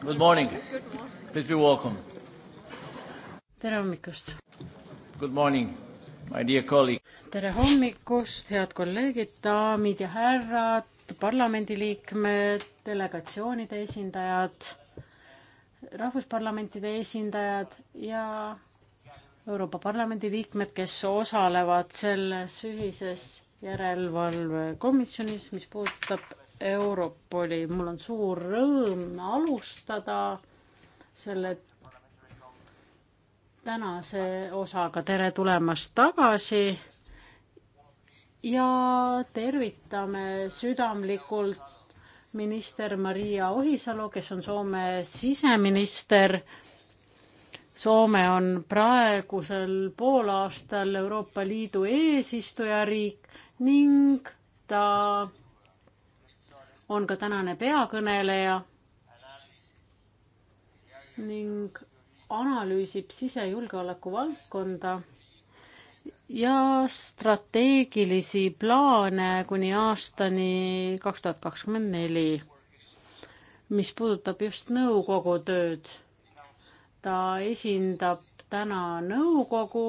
Good morning. Please be welcome. tere hommikust. Good morning, my dear colleague. tere hommikust, head kolleegid, daamid ja härrad, parlamendiliikmed, delegatsioonide esindajad, rahvusparlamentide esindajad ja Euroopa Parlamendi liikmed, kes osalevad selles ühises järelevalvekomisjonis, mis puudutab Europoli. mul on suur rõõm alustada selle tänase osaga. tere tulemast tagasi ja tervitame südamlikult minister Maria Ohisalu, kes on Soome siseminister. Soome on praegusel poolaastal Euroopa Liidu eesistujariik ning ta on ka tänane peakõneleja ning analüüsib sisejulgeoleku valdkonda ja strateegilisi plaane kuni aastani kaks tuhat kakskümmend neli, mis puudutab just nõukogu tööd. ta esindab täna nõukogu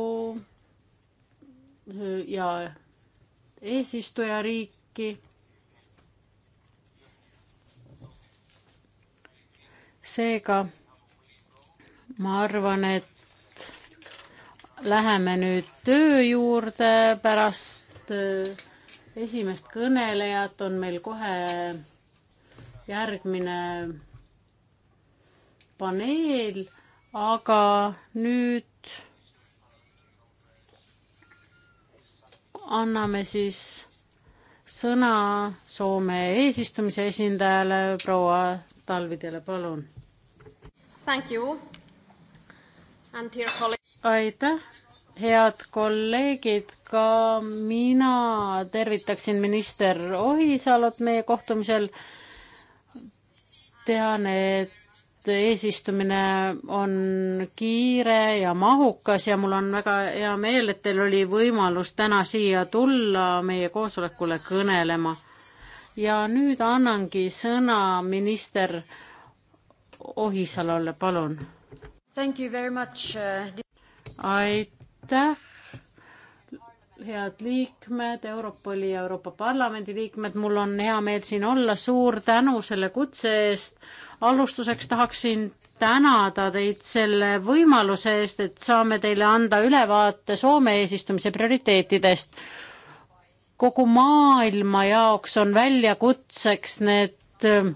ja eesistujariiki seega ma arvan, et läheme nüüd töö juurde, pärast äh, esimest kõnelejat on meil kohe järgmine paneel, aga nüüd anname siis sõna Soome eesistumise esindajale proua Talvidele, palun aitäh, head kolleegid, ka mina tervitaksin minister Ohisalot meie kohtumisel. tean, et eesistumine on kiire ja mahukas ja mul on väga hea meel, et teil oli võimalus täna siia tulla meie koosolekule kõnelema. ja nüüd annangi sõna minister Ohisalale, palun. Uh, aitäh, head liikmed, Europoli ja Euroopa Parlamendi liikmed, mul on hea meel siin olla, suur tänu selle kutse eest. alustuseks tahaksin tänada teid selle võimaluse eest, et saame teile anda ülevaate Soome eesistumise prioriteetidest. kogu maailma jaoks on väljakutseks need äh,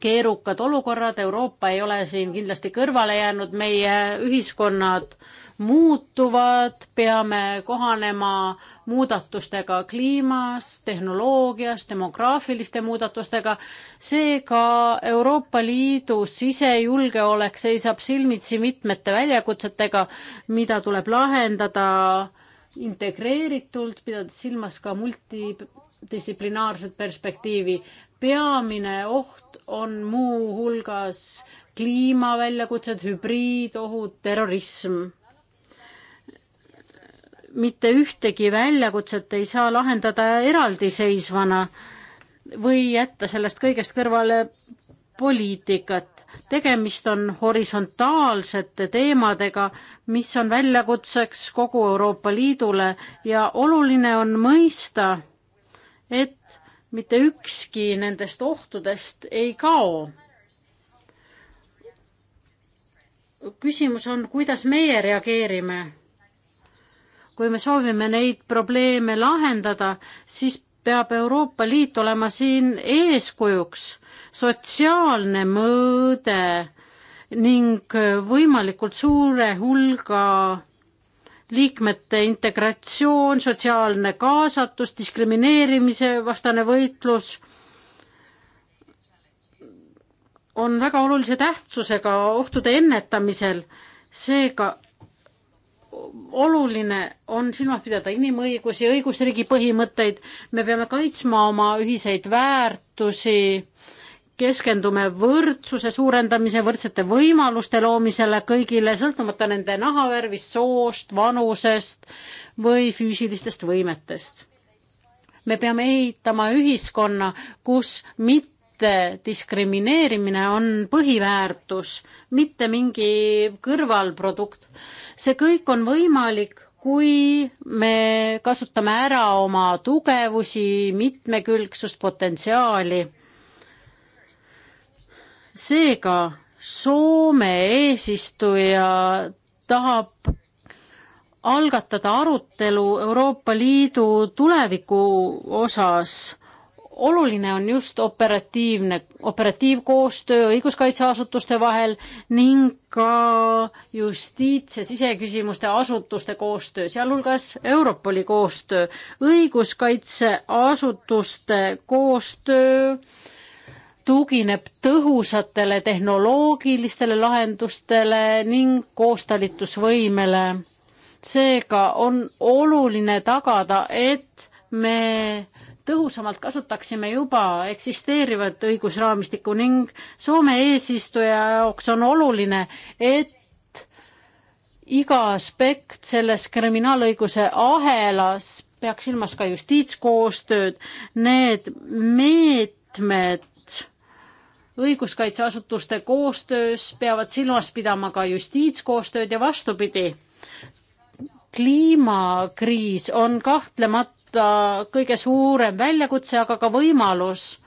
keerukad olukorrad, Euroopa ei ole siin kindlasti kõrvale jäänud, meie ühiskonnad muutuvad, peame kohanema muudatustega kliimas, tehnoloogias, demograafiliste muudatustega. seega Euroopa Liidu sisejulgeolek seisab silmitsi mitmete väljakutsetega, mida tuleb lahendada integreeritult, pidades silmas ka multidistsiplinaarset perspektiivi. peamine oht on muuhulgas kliimaväljakutsed, hübriidohud, terrorism. mitte ühtegi väljakutset ei saa lahendada eraldiseisvana või jätta sellest kõigest kõrvale poliitikat. tegemist on horisontaalsete teemadega, mis on väljakutseks kogu Euroopa Liidule ja oluline on mõista, et mitte ükski nendest ohtudest ei kao. küsimus on, kuidas meie reageerime. kui me soovime neid probleeme lahendada, siis peab Euroopa Liit olema siin eeskujuks. sotsiaalne mõõde ning võimalikult suure hulga liikmete integratsioon, sotsiaalne kaasatus, diskrimineerimise vastane võitlus on väga olulise tähtsusega ohtude ennetamisel. seega oluline on silmas pidada inimõigusi, õigusriigi põhimõtteid, me peame kaitsma oma ühiseid väärtusi keskendume võrdsuse suurendamise, võrdsete võimaluste loomisele kõigile, sõltumata nende nahavärvist, soost, vanusest või füüsilistest võimetest. me peame ehitama ühiskonna, kus mitte diskrimineerimine on põhiväärtus, mitte mingi kõrvalprodukt. see kõik on võimalik, kui me kasutame ära oma tugevusi, mitmekülgsust, potentsiaali seega Soome eesistuja tahab algatada arutelu Euroopa Liidu tuleviku osas. oluline on just operatiivne, operatiivkoostöö õiguskaitseasutuste vahel ning ka justiits- ja siseküsimuste asutuste koostöö, sealhulgas Europoli koostöö, õiguskaitseasutuste koostöö tugineb tõhusatele tehnoloogilistele lahendustele ning koostalitusvõimele. seega on oluline tagada, et me tõhusamalt kasutaksime juba eksisteerivat õigusraamistikku ning Soome eesistuja jaoks on oluline, et iga aspekt selles kriminaalõiguse ahelas peaks silmas ka justiitskoostööd, need meetmed õiguskaitseasutuste koostöös peavad silmas pidama ka justiitskoostööd ja vastupidi. kliimakriis on kahtlemata kõige suurem väljakutse, aga ka võimalus.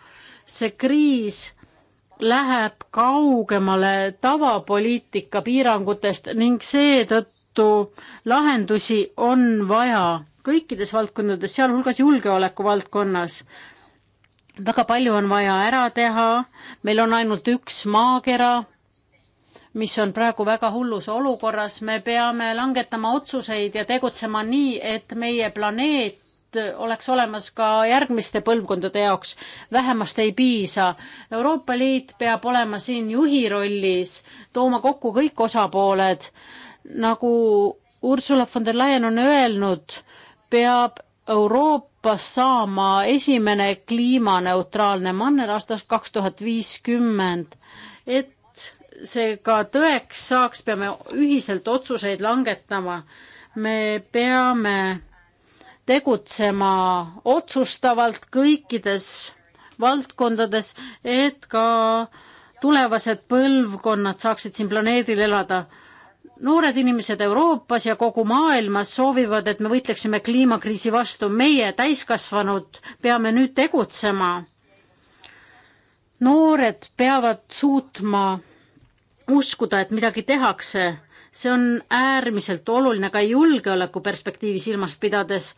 see kriis läheb kaugemale tavapoliitika piirangutest ning seetõttu lahendusi on vaja kõikides valdkondades, sealhulgas julgeoleku valdkonnas väga palju on vaja ära teha, meil on ainult üks maakera, mis on praegu väga hullus olukorras, me peame langetama otsuseid ja tegutsema nii, et meie planeet oleks olemas ka järgmiste põlvkondade jaoks, vähemast ei piisa. Euroopa Liit peab olema siin juhi rollis, tooma kokku kõik osapooled, nagu Ursula von der Leyen on öelnud, peab Euroopa Euroopas saama esimene kliimaneutraalne manner aastast kaks tuhat viiskümmend. et see ka tõeks saaks, peame ühiselt otsuseid langetama. me peame tegutsema otsustavalt kõikides valdkondades, et ka tulevased põlvkonnad saaksid siin planeedil elada noored inimesed Euroopas ja kogu maailmas soovivad, et me võitleksime kliimakriisi vastu. meie, täiskasvanud, peame nüüd tegutsema. noored peavad suutma uskuda, et midagi tehakse. see on äärmiselt oluline ka julgeoleku perspektiivi silmas pidades,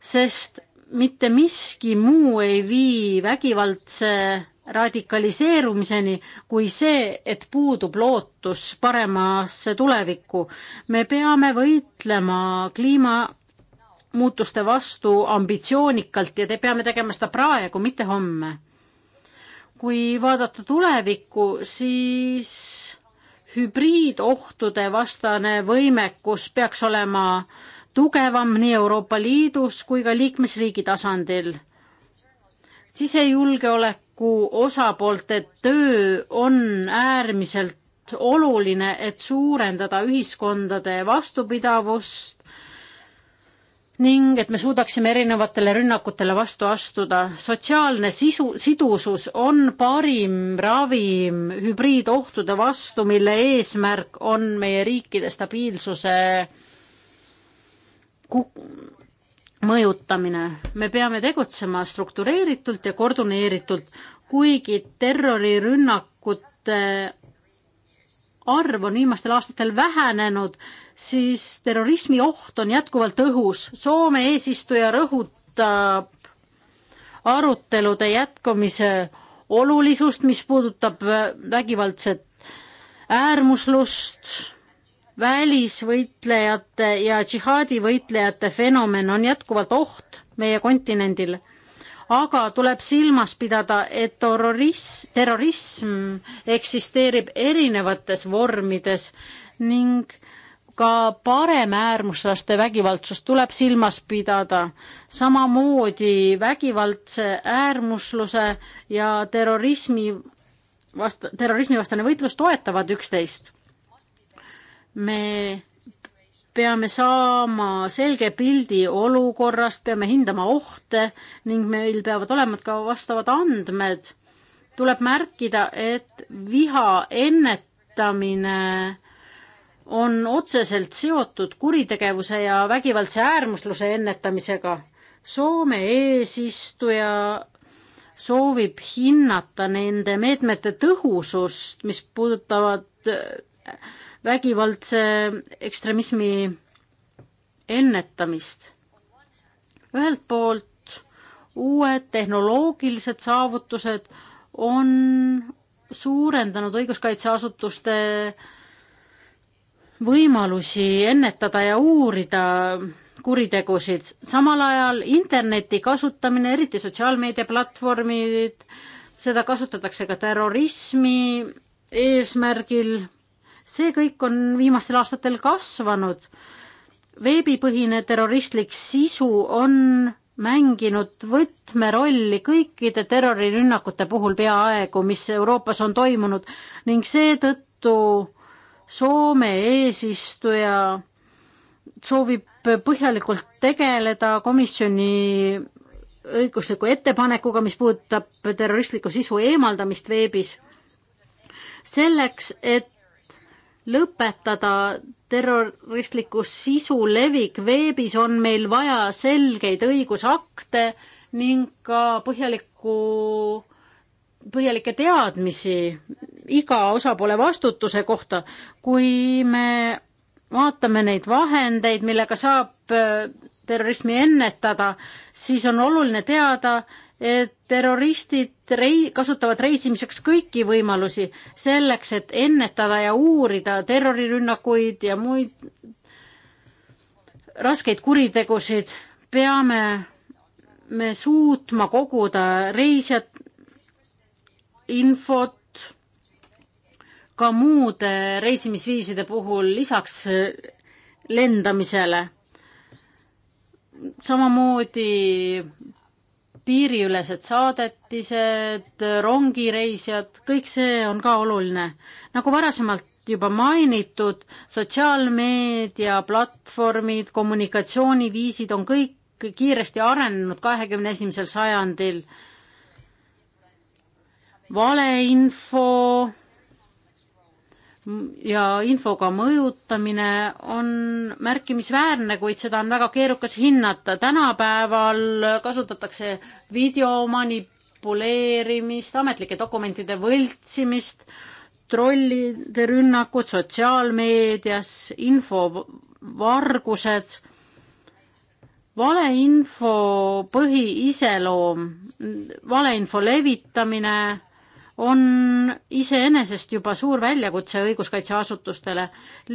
sest mitte miski muu ei vii vägivaldse radikaliseerumiseni kui see, et puudub lootus paremasse tulevikku. me peame võitlema kliimamuutuste vastu ambitsioonikalt ja te peame tegema seda praegu, mitte homme. kui vaadata tulevikku, siis hübriidohtude vastane võimekus peaks olema tugevam nii Euroopa Liidus kui ka liikmesriigi tasandil. sisejulgeolek kui osapoolte töö on äärmiselt oluline, et suurendada ühiskondade vastupidavust ning et me suudaksime erinevatele rünnakutele vastu astuda. sotsiaalne sisu, sidusus on parim ravim hübriidohtude vastu, mille eesmärk on meie riikide stabiilsuse kuk-, mõjutamine. me peame tegutsema struktureeritult ja koordineeritult, kuigi terrorirünnakute arv on viimastel aastatel vähenenud, siis terrorismi oht on jätkuvalt õhus. Soome eesistuja rõhutab arutelude jätkumise olulisust, mis puudutab vägivaldset äärmuslust välisvõitlejate ja džihaadivõitlejate fenomen on jätkuvalt oht meie kontinendil. aga tuleb silmas pidada, et terrorism, terrorism eksisteerib erinevates vormides ning ka paremäärmuslaste vägivaldsust tuleb silmas pidada, samamoodi vägivaldse äärmusluse ja terrorismi vast-, terrorismivastane võitlus toetavad üksteist me peame saama selge pildi olukorrast, peame hindama ohte ning meil peavad olema ka vastavad andmed. tuleb märkida, et viha ennetamine on otseselt seotud kuritegevuse ja vägivaldse äärmusluse ennetamisega. Soome eesistuja soovib hinnata nende meetmete tõhusust, mis puudutavad vägivaldse ekstremismi ennetamist. ühelt poolt uued tehnoloogilised saavutused on suurendanud õiguskaitseasutuste võimalusi ennetada ja uurida kuritegusid. samal ajal interneti kasutamine, eriti sotsiaalmeediaplatvormid, seda kasutatakse ka terrorismi eesmärgil see kõik on viimastel aastatel kasvanud. veebipõhine terroristlik sisu on mänginud võtmerolli kõikide terrorirünnakute puhul peaaegu, mis Euroopas on toimunud ning seetõttu Soome eesistuja soovib põhjalikult tegeleda komisjoni õigusliku ettepanekuga, mis puudutab terroristliku sisu eemaldamist veebis. selleks, et lõpetada terroristliku sisu levik veebis, on meil vaja selgeid õigusakte ning ka põhjalikku, põhjalikke teadmisi iga osapoole vastutuse kohta. kui me vaatame neid vahendeid, millega saab äh, terrorismi ennetada, siis on oluline teada, terroristid rei-, kasutavad reisimiseks kõiki võimalusi selleks, et ennetada ja uurida terrorirünnakuid ja muid raskeid kuritegusid. peame me suutma koguda reisijat, infot ka muude reisimisviiside puhul lisaks lendamisele. samamoodi piiriülesed saadetised, rongireisijad, kõik see on ka oluline. nagu varasemalt juba mainitud, sotsiaalmeedia, platvormid, kommunikatsiooniviisid on kõik kiiresti arenenud kahekümne esimesel sajandil. valeinfo ja infoga mõjutamine on märkimisväärne, kuid seda on väga keerukas hinnata. tänapäeval kasutatakse video manipuleerimist, ametlike dokumentide võltsimist, trollide rünnakud sotsiaalmeedias, infovargused, valeinfo põhiiseloom, valeinfo levitamine on iseenesest juba suur väljakutse õiguskaitseasutustele.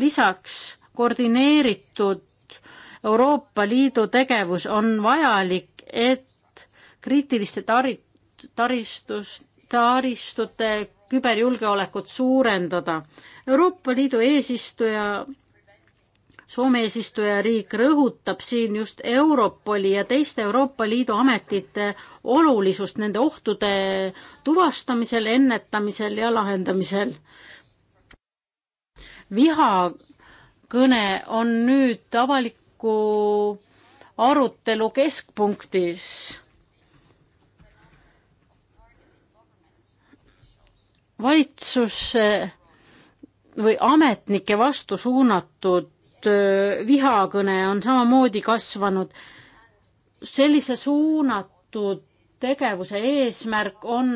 lisaks koordineeritud Euroopa Liidu tegevus on vajalik, et kriitiliste tari-, taristus, taristute küberjulgeolekut suurendada. Euroopa Liidu eesistuja Soome eesistujariik rõhutab siin just Europoli ja teiste Euroopa Liidu ametite olulisust nende ohtude tuvastamisel, ennetamisel ja lahendamisel. vihakõne on nüüd avaliku arutelu keskpunktis valitsus või ametnike vastu suunatud koostöö, vihakõne on samamoodi kasvanud. sellise suunatud tegevuse eesmärk on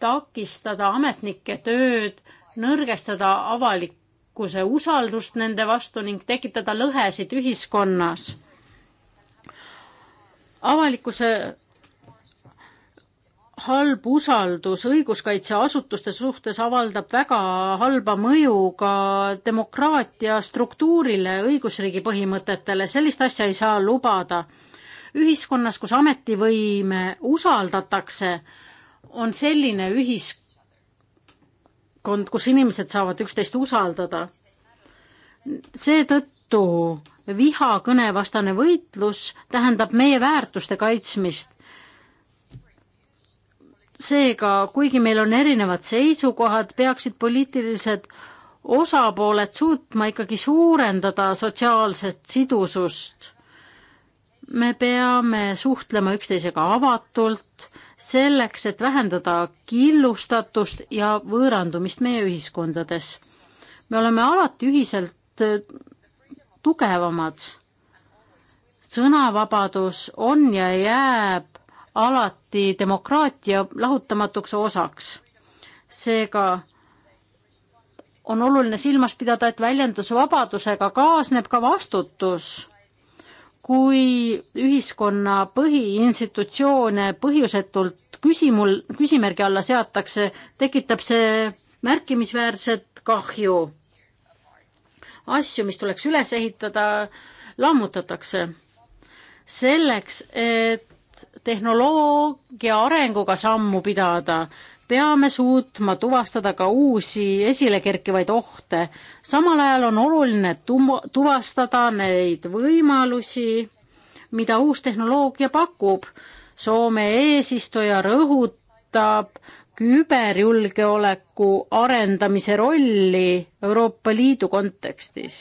takistada ametnike tööd, nõrgestada avalikkuse usaldust nende vastu ning tekitada lõhesid ühiskonnas. avalikkuse halb usaldus õiguskaitseasutuste suhtes avaldab väga halba mõju ka demokraatia struktuurile, õigusriigi põhimõtetele, sellist asja ei saa lubada. ühiskonnas, kus ametivõime usaldatakse, on selline ühiskond, kus inimesed saavad üksteist usaldada. seetõttu vihakõnevastane võitlus tähendab meie väärtuste kaitsmist seega, kuigi meil on erinevad seisukohad, peaksid poliitilised osapooled suutma ikkagi suurendada sotsiaalset sidusust. me peame suhtlema üksteisega avatult, selleks et vähendada killustatust ja võõrandumist meie ühiskondades. me oleme alati ühiselt äh, tugevamad. sõnavabadus on ja jääb alati demokraatia lahutamatuks osaks. seega on oluline silmas pidada, et väljendusvabadusega kaasneb ka vastutus. kui ühiskonna põhiinstitutsioone põhjusetult küsimul, küsimärgi alla seatakse, tekitab see märkimisväärset kahju. asju, mis tuleks üles ehitada, lammutatakse. selleks, et tehnoloogia arenguga sammu pidada, peame suutma tuvastada ka uusi esile kerkivaid ohte. samal ajal on oluline tuvastada neid võimalusi, mida uus tehnoloogia pakub. Soome eesistuja rõhutab küberjulgeoleku arendamise rolli Euroopa Liidu kontekstis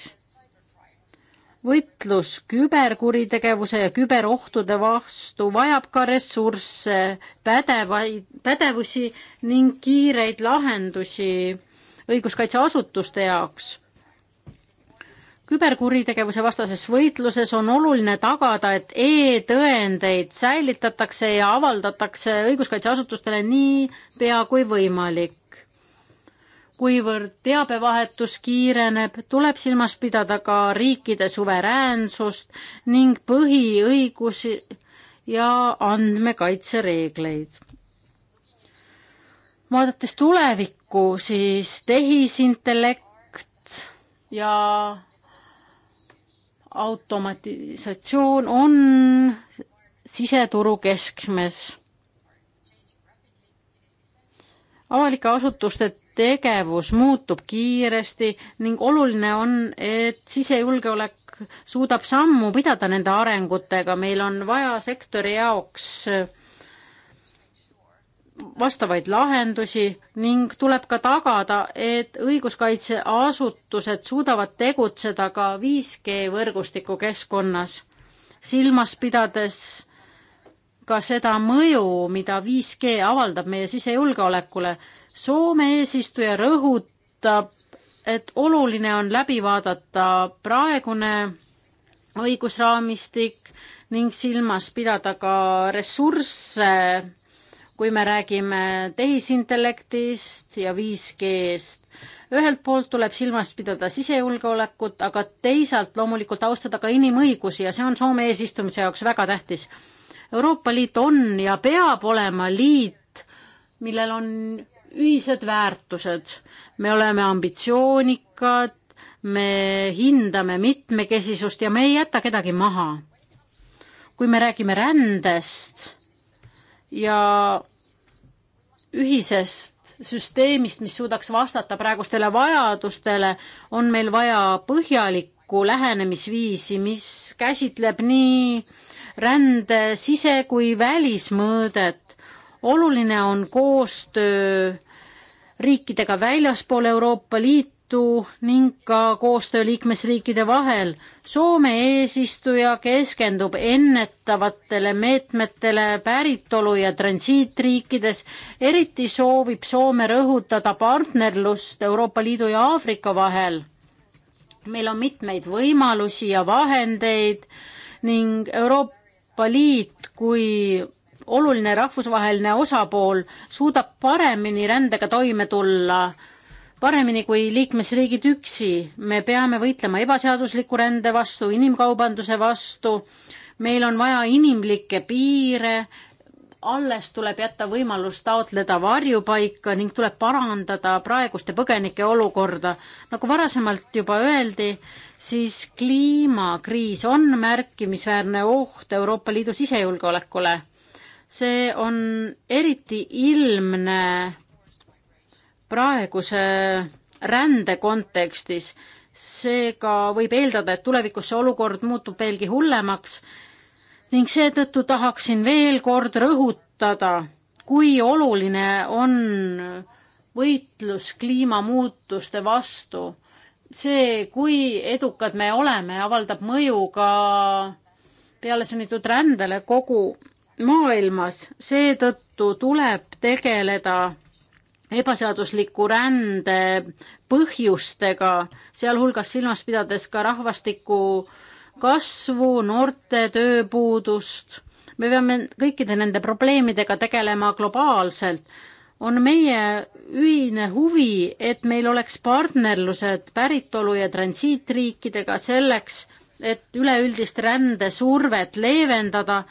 võitlus küberkuritegevuse ja küberohtude vastu vajab ka ressursse, pädevaid, pädevusi ning kiireid lahendusi õiguskaitseasutuste jaoks. küberkuritegevuse vastases võitluses on oluline tagada, et e-tõendeid säilitatakse ja avaldatakse õiguskaitseasutustele nii pea kui võimalik kuivõrd teabevahetus kiireneb, tuleb silmas pidada ka riikide suveräänsust ning põhiõigusi ja andmekaitsereegleid. vaadates tulevikku, siis tehisintellekt ja automatisatsioon on siseturu keskmes. avalike asutuste tegevus muutub kiiresti ning oluline on, et sisejulgeolek suudab sammu pidada nende arengutega, meil on vaja sektori jaoks vastavaid lahendusi ning tuleb ka tagada, et õiguskaitseasutused suudavad tegutseda ka 5G võrgustiku keskkonnas, silmas pidades ka seda mõju, mida 5G avaldab meie sisejulgeolekule Soome eesistuja rõhutab, et oluline on läbi vaadata praegune õigusraamistik ning silmas pidada ka ressursse, kui me räägime tehisintellektist ja 5G-st. ühelt poolt tuleb silmas pidada sisejulgeolekut, aga teisalt loomulikult austada ka inimõigusi ja see on Soome eesistumise jaoks väga tähtis. Euroopa Liit on ja peab olema liit, millel on ühised väärtused. me oleme ambitsioonikad, me hindame mitmekesisust ja me ei jäta kedagi maha. kui me räägime rändest ja ühisest süsteemist, mis suudaks vastata praegustele vajadustele, on meil vaja põhjalikku lähenemisviisi, mis käsitleb nii rände sise- kui välismõõdet oluline on koostöö riikidega väljaspool Euroopa Liitu ning ka koostöö liikmesriikide vahel. Soome eesistuja keskendub ennetavatele meetmetele päritolu- ja transiitriikides. eriti soovib Soome rõhutada partnerlust Euroopa Liidu ja Aafrika vahel. meil on mitmeid võimalusi ja vahendeid ning Euroopa Liit kui oluline rahvusvaheline osapool suudab paremini rändega toime tulla, paremini kui liikmesriigid üksi. me peame võitlema ebaseadusliku rände vastu, inimkaubanduse vastu, meil on vaja inimlikke piire, alles tuleb jätta võimalus taotleda varjupaika ning tuleb parandada praeguste põgenike olukorda. nagu varasemalt juba öeldi, siis kliimakriis on märkimisväärne oht Euroopa Liidu sisejulgeolekule see on eriti ilmne praeguse rände kontekstis, seega võib eeldada, et tulevikus see olukord muutub veelgi hullemaks ning seetõttu tahaksin veel kord rõhutada, kui oluline on võitlus kliimamuutuste vastu. see, kui edukad me oleme, avaldab mõju ka pealesunnitud rändele kogu maailmas, seetõttu tuleb tegeleda ebaseadusliku rände põhjustega, sealhulgas silmas pidades ka rahvastiku kasvu, noorte tööpuudust. me peame kõikide nende probleemidega tegelema globaalselt. on meie ühine huvi, et meil oleks partnerlused päritolu- ja transiitriikidega selleks, et üleüldist rändesurvet leevendada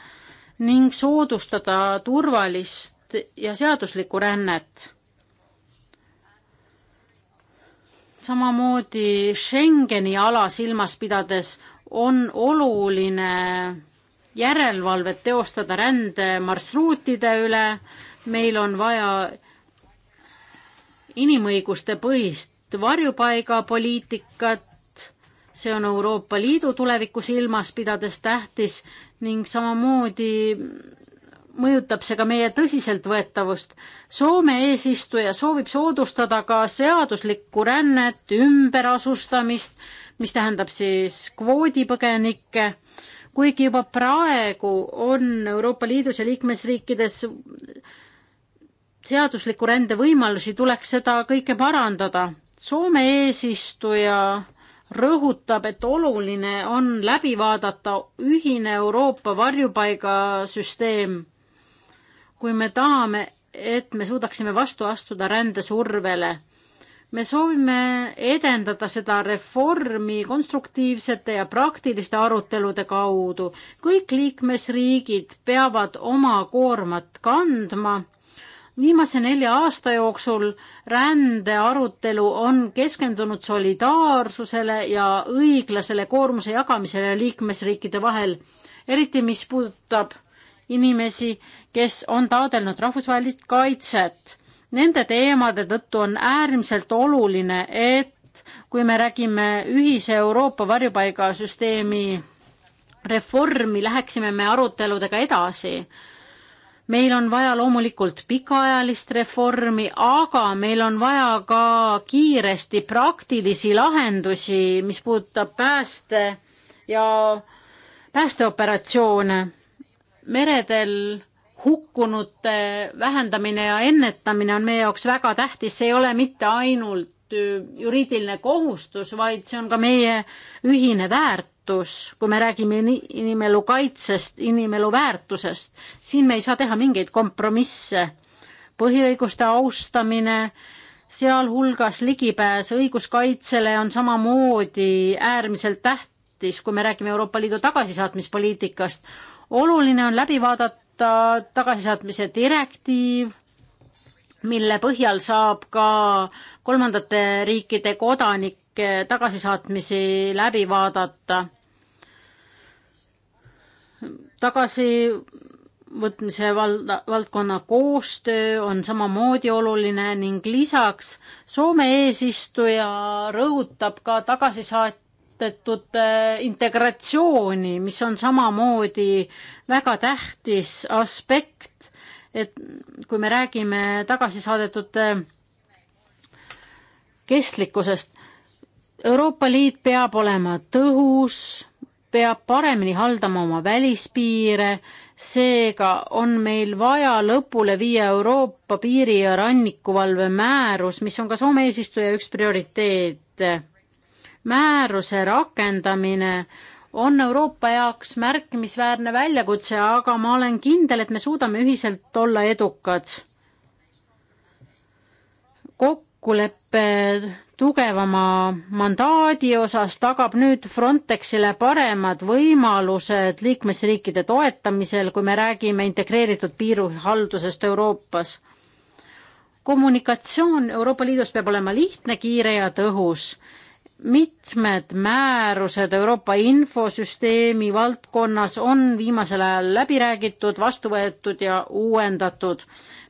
ning soodustada turvalist ja seaduslikku rännet. samamoodi Schengeni ala silmas pidades on oluline järelevalvet teostada rändemarsruutide üle, meil on vaja inimõiguste põhist varjupaigapoliitikat, see on Euroopa Liidu tulevikku silmas pidades tähtis ning samamoodi mõjutab see ka meie tõsiseltvõetavust. Soome eesistuja soovib soodustada ka seaduslikku rännet, ümberasustamist, mis tähendab siis kvoodipõgenikke, kuigi juba praegu on Euroopa Liidus ja liikmesriikides seadusliku rände võimalusi, tuleks seda kõike parandada. Soome eesistuja äh, rõhutab, et oluline on läbi vaadata ühine Euroopa varjupaigasüsteem. kui me tahame, et me suudaksime vastu astuda rändesurvele. me soovime edendada seda reformi konstruktiivsete ja praktiliste arutelude kaudu. kõik liikmesriigid peavad oma koormat kandma viimase nelja aasta jooksul rände arutelu on keskendunud solidaarsusele ja õiglasele koormuse jagamisele liikmesriikide vahel, eriti mis puudutab inimesi, kes on taodelnud rahvusvahelist kaitset. Nende teemade tõttu on äärmiselt oluline, et kui me räägime ühise Euroopa varjupaigasüsteemi reformi, läheksime me aruteludega edasi meil on vaja loomulikult pikaajalist reformi, aga meil on vaja ka kiiresti praktilisi lahendusi, mis puudutab pääste ja päästeoperatsioone. meredel hukkunute vähendamine ja ennetamine on meie jaoks väga tähtis, see ei ole mitte ainult juriidiline kohustus, vaid see on ka meie ühine väärtus, kui me räägime inimelu kaitsest, inimelu väärtusest. siin me ei saa teha mingeid kompromisse. põhiõiguste austamine, sealhulgas ligipääs õiguskaitsele on samamoodi äärmiselt tähtis, kui me räägime Euroopa Liidu tagasisaatmispoliitikast. oluline on läbi vaadata tagasisaatmise direktiiv mille põhjal saab ka kolmandate riikide kodanike tagasisaatmisi läbi vaadata. tagasivõtmise valda, valdkonna koostöö on samamoodi oluline ning lisaks Soome eesistuja rõhutab ka tagasisaatetud integratsiooni, mis on samamoodi väga tähtis aspekt et kui me räägime tagasi saadetud äh, kestlikkusest, Euroopa Liit peab olema tõhus, peab paremini haldama oma välispiire, seega on meil vaja lõpule viia Euroopa piiri- ja rannikuvalve määrus, mis on ka Soome eesistuja üks prioriteete. määruse rakendamine äh, on Euroopa jaoks märkimisväärne väljakutse, aga ma olen kindel, et me suudame ühiselt olla edukad. kokkulepe tugevama mandaadi osas tagab nüüd Frontexile paremad võimalused liikmesriikide toetamisel, kui me räägime integreeritud piirihaldusest Euroopas. kommunikatsioon Euroopa Liidus peab olema lihtne, kiire ja tõhus mitmed määrused Euroopa infosüsteemi valdkonnas on viimasel ajal läbi räägitud, vastu võetud ja uuendatud.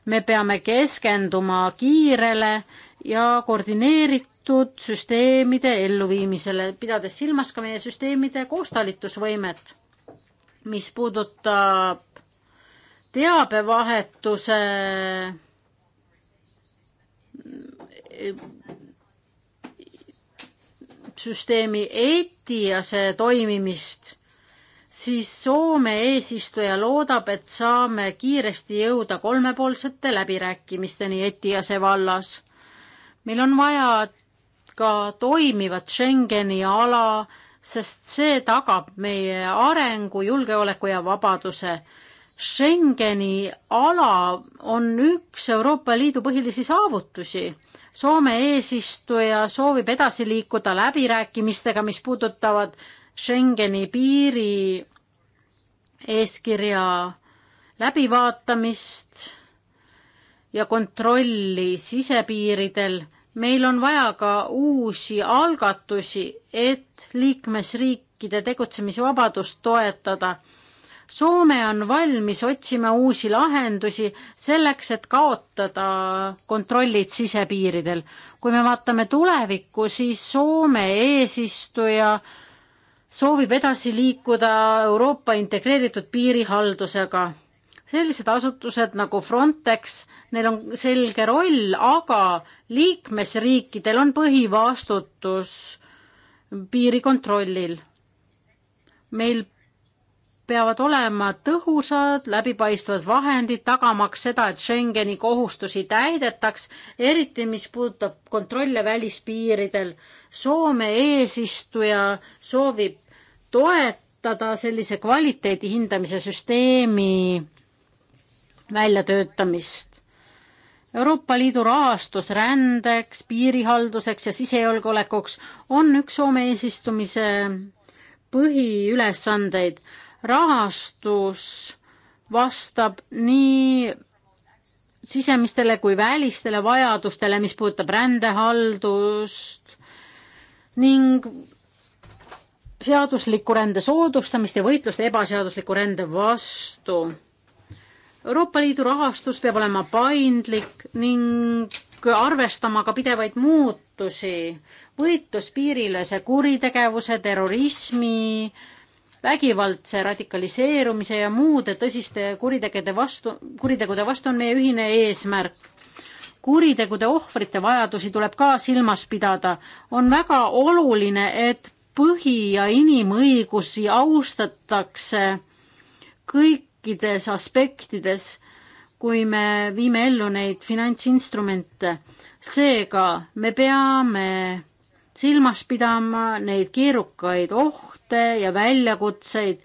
me peame keskenduma kiirele ja koordineeritud süsteemide elluviimisele, pidades silmas ka meie süsteemide koostalitusvõimet. mis puudutab teabevahetuse süsteemi ETIAS-e toimimist, siis Soome eesistuja loodab, et saame kiiresti jõuda kolmepoolsete läbirääkimisteni ETIAS-e vallas. meil on vaja ka toimivat Schengeni ala, sest see tagab meie arengu, julgeoleku ja vabaduse Schengeni ala on üks Euroopa Liidu põhilisi saavutusi. Soome eesistuja soovib edasi liikuda läbirääkimistega, mis puudutavad Schengeni piiri eeskirja läbivaatamist ja kontrolli sisepiiridel. meil on vaja ka uusi algatusi, et liikmesriikide tegutsemisvabadust toetada Soome on valmis otsima uusi lahendusi selleks, et kaotada kontrollid sisepiiridel. kui me vaatame tulevikku, siis Soome eesistuja soovib edasi liikuda Euroopa integreeritud piirihaldusega sellised asutused nagu Frontex, neil on selge roll, aga liikmesriikidel on põhivastutus piirikontrollil. meil peavad olema tõhusad, läbipaistvad vahendid, tagamaks seda, et Schengeni kohustusi täidetaks, eriti mis puudutab kontrolle välispiiridel. Soome eesistuja soovib toetada sellise kvaliteedi hindamise süsteemi väljatöötamist. Euroopa Liidu rahastus rändeks, piirihalduseks ja sisejulgeolekuks on üks Soome eesistumise põhiülesandeid rahastus vastab nii sisemistele kui välistele vajadustele, mis puudutab rändehaldust ning seadusliku rände soodustamist ja võitlust ebaseadusliku rände vastu. Euroopa Liidu rahastus peab olema paindlik ning arvestama ka pidevaid muutusi, võitlus piiriülese kuritegevuse, terrorismi, vägivaldse radikaliseerumise ja muude tõsiste kuritegude vastu, kuritegude vastu on meie ühine eesmärk. kuritegude ohvrite vajadusi tuleb ka silmas pidada. on väga oluline, et põhi- ja inimõigusi austatakse kõikides aspektides, kui me viime ellu neid finantsinstrumente. seega me peame silmas pidama neid keerukaid ohvreid, ohte ja väljakutseid.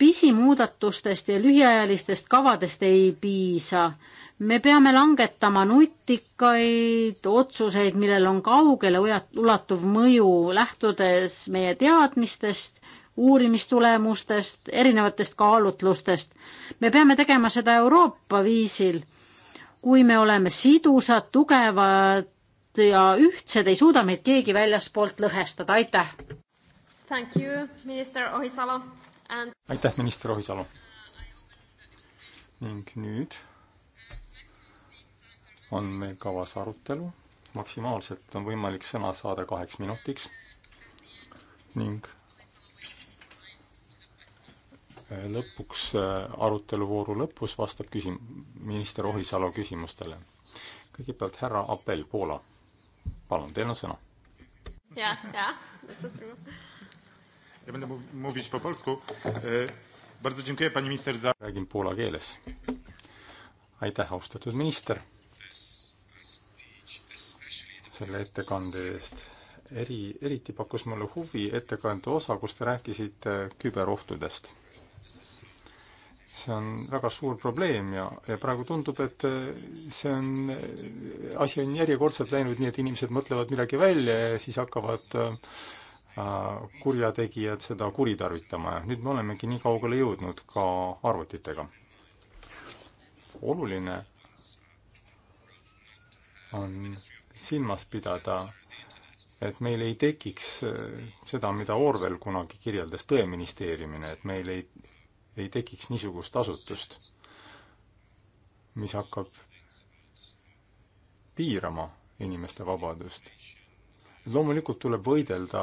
pisimuudatustest ja lühiajalistest kavadest ei piisa. me peame langetama nutikaid otsuseid, millel on kaugele ulatuv mõju, lähtudes meie teadmistest, uurimistulemustest, erinevatest kaalutlustest. me peame tegema seda Euroopa viisil. kui me oleme sidusad, tugevad, ja ühtsed ei suuda meid keegi väljaspoolt lõhestada, aitäh! Thank you, minister Ohisalu and.... aitäh, minister Ohisalu. ning nüüd on meil kavas arutelu. maksimaalselt on võimalik sõna saada kaheks minutiks ning lõpuks, äh, aruteluvooru lõpus vastab küsim-, minister Ohisalu küsimustele. kõigepealt härra Apel, Poola. palun, teil on sõna. jah, jah, that's true Ja będę mówić po polsku. E, bardzo dziękuję pani minister za... räägin poola keeles. aitäh, austatud minister, selle ettekande eest. eri, eriti pakkus mulle huvi ettekande osa, kus te rääkisite küberohtudest see on väga suur probleem ja, ja praegu tundub, et eh, see on, eh, asi on järjekordselt läinud nii, et inimesed mõtlevad midagi välja ja siis hakkavad eh, Äh, kurjategijad seda kuritarvitama ja nüüd me olemegi nii kaugele jõudnud ka arvutitega. oluline on silmas pidada, et meil ei tekiks äh, seda, mida Orwell kunagi kirjeldas tõeministeeriumina, et meil ei, ei tekiks niisugust asutust, mis hakkab piirama inimeste vabadust loomulikult tuleb võidelda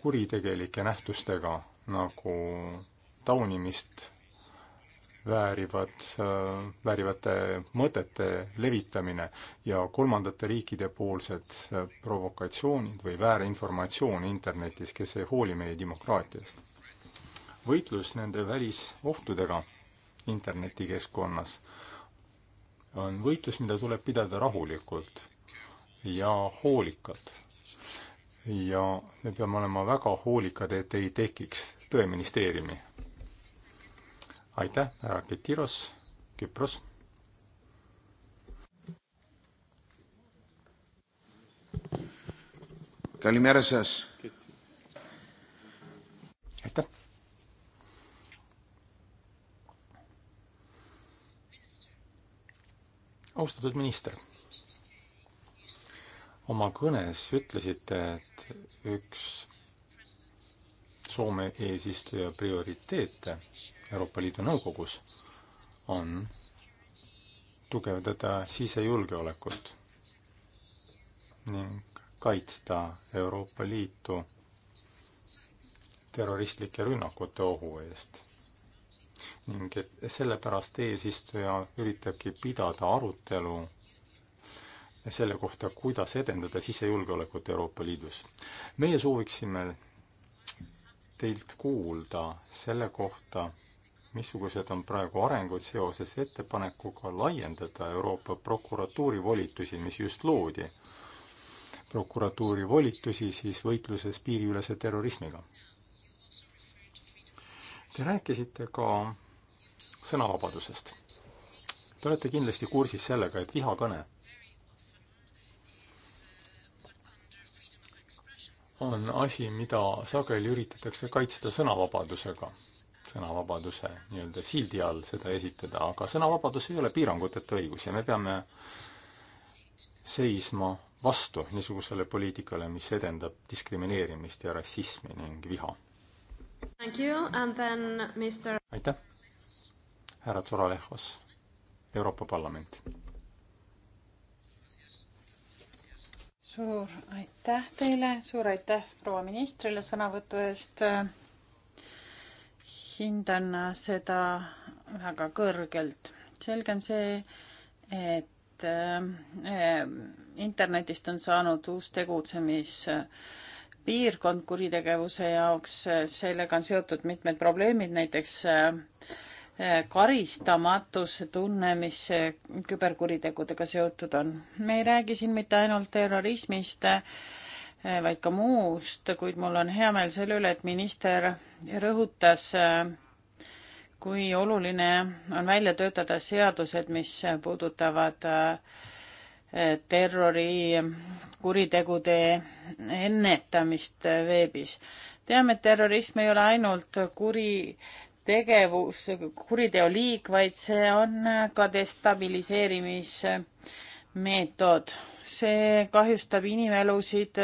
kuritegelike nähtustega, nagu taunimist väärivad, väärivate mõtete levitamine ja kolmandate riikide poolsed provokatsioonid või väärinformatsioon internetis, kes ei hooli meie demokraatiast. võitlus nende välisohtudega internetikeskkonnas on võitlus, mida tuleb pidada rahulikult ja hoolikad. ja me peame olema väga hoolikad, et ei tekiks tõeministeeriumi. aitäh, härra Ketiros, Küpros. Kalimera seas. aitäh. austatud minister oma kõnes ütlesite, et üks Soome eesistuja prioriteete Euroopa Liidu Nõukogus on tugevdada sisejulgeolekut ning kaitsta Euroopa Liitu terroristlike rünnakute ohu eest. ning et sellepärast eesistuja üritabki pidada arutelu selle kohta, kuidas edendada sisejulgeolekut Euroopa Liidus. meie sooviksime teilt kuulda selle kohta, missugused on praegu arengud seoses ettepanekuga laiendada Euroopa prokuratuuri volitusi, mis just loodi, prokuratuuri volitusi siis võitluses piiriülese terrorismiga. Te rääkisite ka sõnavabadusest. Te olete kindlasti kursis sellega, et vihakõne on asi, mida sageli üritatakse kaitsta sõnavabadusega, sõnavabaduse nii-öelda sildi all seda esitada, aga sõnavabadus ei ole piiranguteta õigus ja me peame seisma vastu niisugusele poliitikale, mis edendab diskrimineerimist ja rassismi ning viha. Mister... aitäh, härra Tsoralehos, Euroopa Parlament suur aitäh teile, suur aitäh proua ministrile sõnavõtu eest. hindan seda väga kõrgelt. selge on see, et eh, internetist on saanud uus tegutsemispiirkond kuritegevuse jaoks, sellega on seotud mitmed probleemid, näiteks karistamatuse tunne, mis küberkuritegudega seotud on. me ei räägi siin mitte ainult terrorismist, vaid ka muust, kuid mul on hea meel selle üle, et minister rõhutas, kui oluline on välja töötada seadused, mis puudutavad eh, terrorikuritegude ennetamist veebis. teame, et terrorism ei ole ainult kuri tegevus, kuriteoliik, vaid see on ka destabiliseerimismeetod. see kahjustab inimelusid,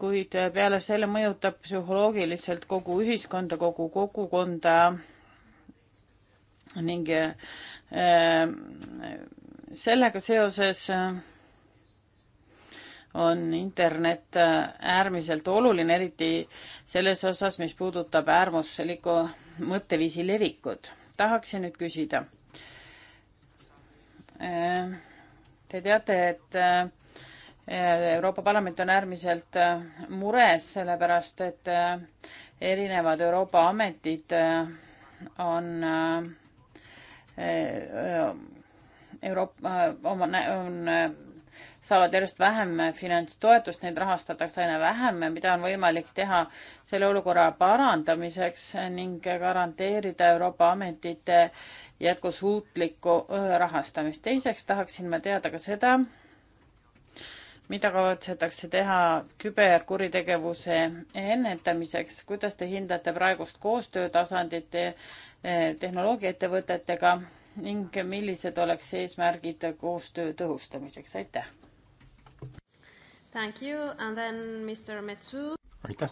kuid peale selle mõjutab psühholoogiliselt kogu ühiskonda, kogu kogukonda ning äh, sellega seoses on internet äärmiselt oluline, eriti selles osas, mis puudutab äärmuslikku mõtteviisi levikut. tahaksin nüüd küsida. Äh, te teate, et äh, Euroopa Parlament on äärmiselt äh, mures, sellepärast et erinevad Euroopa ametid on Euroopa, on, on saavad järjest vähem finantstoetust, neid rahastatakse aina vähem, mida on võimalik teha selle olukorra parandamiseks ning garanteerida Euroopa ametite jätkusuutlikku rahastamist. teiseks tahaksin ma teada ka seda, mida kavatsetakse teha küberkuritegevuse ennetamiseks, kuidas te hindate praegust koostöötasandit e, tehnoloogiaettevõtetega ning millised oleks eesmärgid koostöö tõhustamiseks, aitäh! Thank you and then Mr Metsu. aitäh.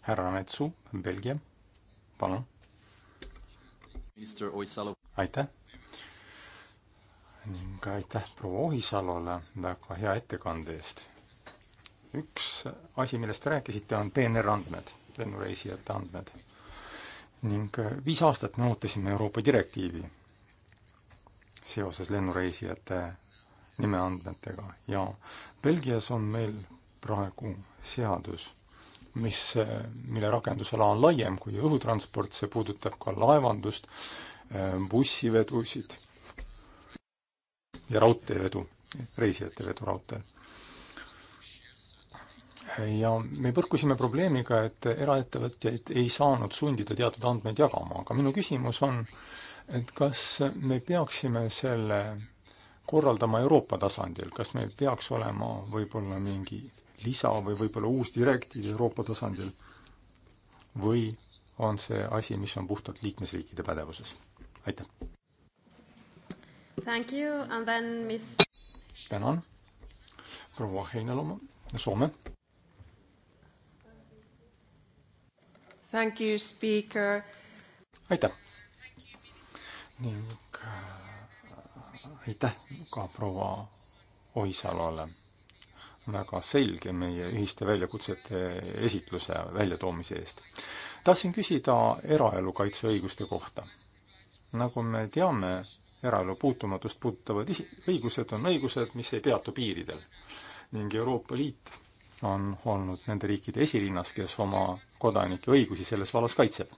härra Metsu, Belgia, palun. minister Oisalu. aitäh. ning aitäh proua Ohisalule väga hea ettekande eest. üks asi, millest te rääkisite, on PNR andmed, lennureisijate andmed. ning äh, viis aastat me ootasime Euroopa direktiivi seoses lennureisijate nimeandmetega ja Belgias on meil praegu seadus, mis, mille rakendusala on laiem kui õhutransport, see puudutab ka laevandust, eh, bussivedusid ja raudteevedu, reisijate vedu raudteel ja me põrkusime probleemiga, et eraettevõtjaid ei saanud sundida teatud andmeid jagama, aga minu küsimus on, et kas me peaksime selle korraldama Euroopa tasandil, kas meil peaks olema võib-olla mingi lisa või võib-olla uus direktiiv Euroopa tasandil või on see asi, mis on puhtalt liikmesriikide pädevuses? aitäh! Miss... tänan, proua Heinalumaa, Soome. aitäh! ning äh, aitäh ka proua Oisalole väga selge meie ühiste väljakutsete esitluse väljatoomise eest. tahtsin küsida eraelu kaitseõiguste kohta. nagu me teame, eraelu puutumatust puudutavad isi-, õigused on õigused, mis ei peatu piiridel. ning Euroopa Liit on olnud nende riikide esirinnas, kes oma kodanike õigusi selles vallas kaitseb.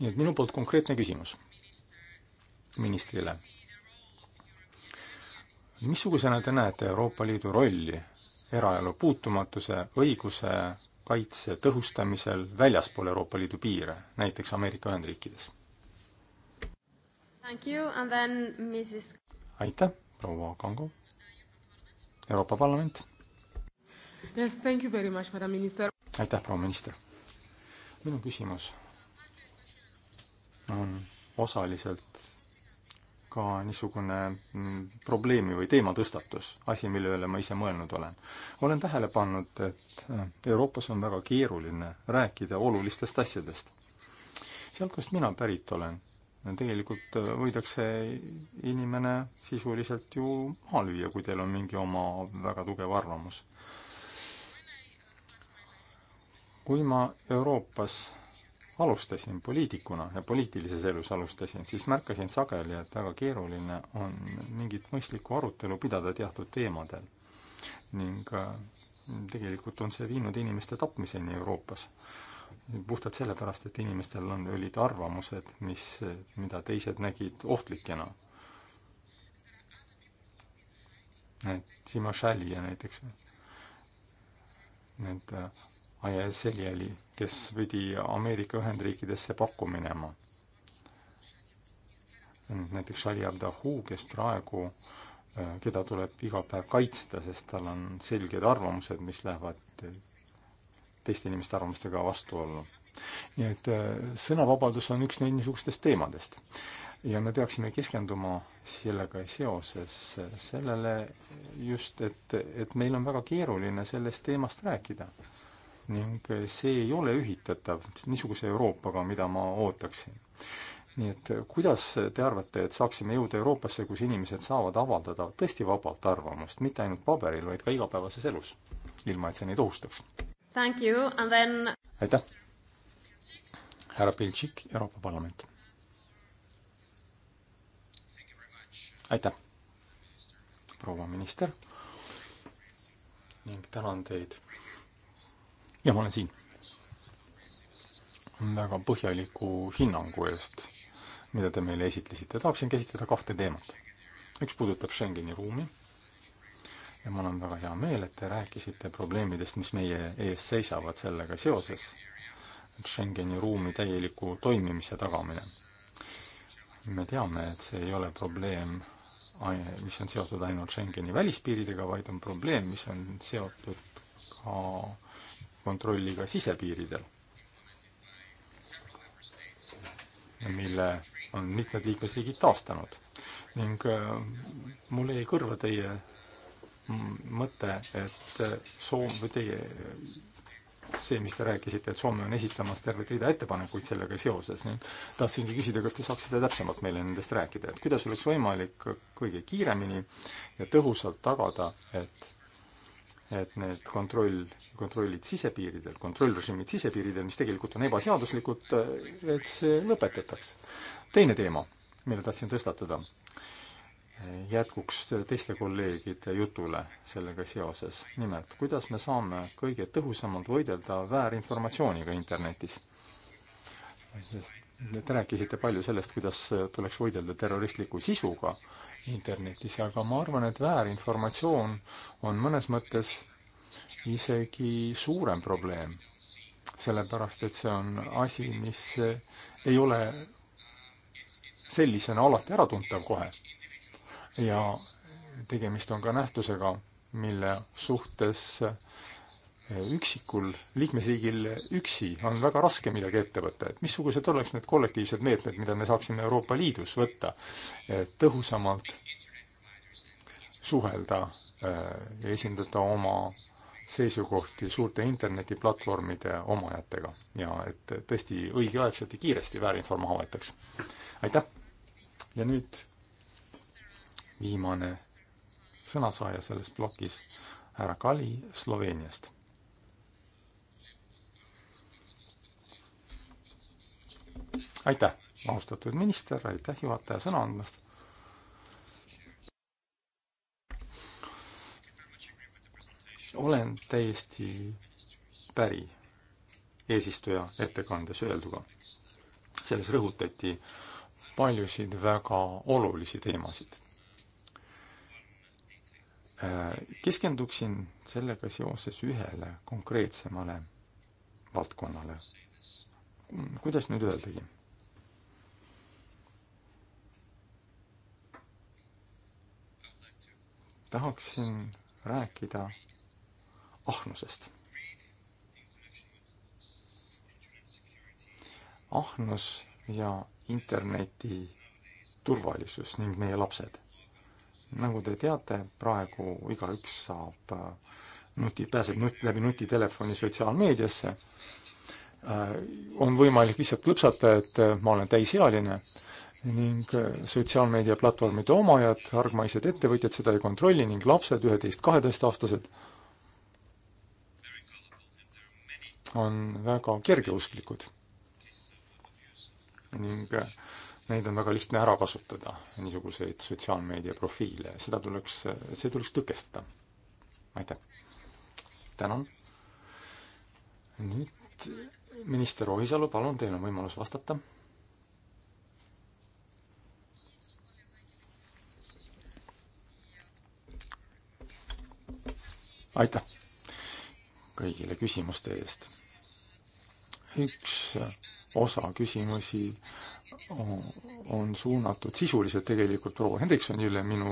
nii et minu poolt konkreetne küsimus ministrile missugusena te näete Euroopa Liidu rolli eraelu puutumatuse õiguse kaitse tõhustamisel väljaspool Euroopa Liidu piire, näiteks Ameerika Ühendriikides? aitäh, proua Kango. Euroopa Parlament. Yes, thank you very much, madam minister. aitäh, proua minister. minu küsimus on osaliselt ka niisugune mm, probleemi või teematõstatus, asi, mille üle ma ise mõelnud olen. olen tähele pannud, et äh, Euroopas on väga keeruline rääkida olulistest asjadest. sealt, kust mina pärit olen, tegelikult äh, võidakse inimene sisuliselt ju maha lüüa, kui teil on mingi oma väga tugev arvamus. kui ma Euroopas alustasin poliitikuna ja poliitilises elus alustasin, siis märkasin sageli, et väga keeruline on mingit mõistlikku arutelu pidada teatud teemadel. ning äh, tegelikult on see viinud inimeste tapmiseni Euroopas. puhtalt sellepärast, et inimestel on, olid arvamused, mis, mida teised nägid ohtlikena. et Timo Šalija näiteks, need äh, Aja Seljali, kes pidi Ameerika Ühendriikidesse pakku minema. näiteks Shali Abdahu, kes praegu, äh, keda tuleb iga päev kaitsta, sest tal on selged arvamused, mis lähevad teiste inimeste arvamustega vastuollu. nii et äh, sõnavabadus on üks niisugustest teemadest. ja me peaksime keskenduma sellega seoses äh, sellele just, et, et meil on väga keeruline sellest teemast rääkida ning see ei ole ühitatav niisuguse Euroopaga, mida ma ootaksin. nii et kuidas te arvate, et saaksime jõuda Euroopasse, kus inimesed saavad avaldada tõesti vabalt arvamust, mitte ainult paberil, vaid ka igapäevases elus, ilma et see neid ohustaks? Then... aitäh! härra Piltšik, Euroopa Parlament. aitäh, proua minister ning tänan teid ja ma olen siin. väga põhjaliku hinnangu eest, mida te meile esitlesite. tahaksin käsitleda kahte teemat. üks puudutab Schengeni ruumi ja mul on väga hea meel, et te rääkisite probleemidest, mis meie ees seisavad sellega seoses. Schengeni ruumi täieliku toimimise tagamine. me teame, et see ei ole probleem mis on seotud ainult Schengeni välispiiridega, vaid on probleem, mis on seotud ka kontrolli ka sisepiiridel, mille on mitmed liikmesriigid taastanud. ning äh, mul jäi kõrva teie mõte, et äh, Soom- või teie äh, see, mis te rääkisite, et Soome on esitamas tervet rida ettepanekuid sellega seoses, nii tahtsingi küsida, kas te saaksite täpsemalt meile nendest rääkida, et kuidas oleks võimalik kõige kiiremini ja tõhusalt tagada, et et need kontroll, kontrollid sisepiiridel, kontrollrežiimid sisepiiridel, mis tegelikult on ebaseaduslikud, äh, et see lõpetataks. teine teema, mille tahtsin tõstatada, jätkuks teiste kolleegide jutule sellega seoses. nimelt, kuidas me saame kõige tõhusamalt võidelda väärinformatsiooniga internetis. sest Te rääkisite palju sellest, kuidas tuleks võidelda terroristliku sisuga internetis, aga ma arvan, et väärinformatsioon on mõnes mõttes isegi suurem probleem. sellepärast, et see on asi, mis ei ole sellisena alati äratuntav kohe. ja tegemist on ka nähtusega, mille suhtes üksikul liikmesriigil üksi on väga raske midagi ette võtta, et missugused oleks need kollektiivsed meetmed, mida me saaksime Euroopa Liidus võtta, et tõhusamalt suhelda äh, ja esindada oma seisukohti suurte internetiplatvormide omajatega ja et tõesti õigeaegselt ja kiiresti väärinforma avataks. aitäh! ja nüüd viimane sõnasaaja selles plokis härra Kali Sloveeniast. aitäh, austatud minister, aitäh juhataja sõna andmast. olen täiesti päri eesistuja ettekandes öelduga. selles rõhutati paljusid väga olulisi teemasid. Äh, keskenduksin sellega seoses ühele konkreetsemale valdkonnale. kuidas nüüd öeldagi tahaksin rääkida ahnusest. ahnus ja interneti turvalisus ning meie lapsed. nagu te teate, praegu igaüks saab äh, nuti, pääseb nut-, läbi nutitelefoni sotsiaalmeediasse, äh, on võimalik lihtsalt klõpsata, et äh, ma olen täisealine ning äh, sotsiaalmeediaplatvormide omajad, argmaised ettevõtjad seda ei kontrolli ning lapsed, üheteist, kaheteistaastased, on väga kergeusklikud. ning äh, neid on väga lihtne ära kasutada, niisuguseid sotsiaalmeedia profiile, seda tuleks, äh, see tuleks tõkestada. aitäh! tänan! nüüd minister Ohisalu, palun, teil on võimalus vastata aitäh kõigile küsimuste eest. üks osa küsimusi on, on suunatud sisuliselt tegelikult proua Hendriksonile, minu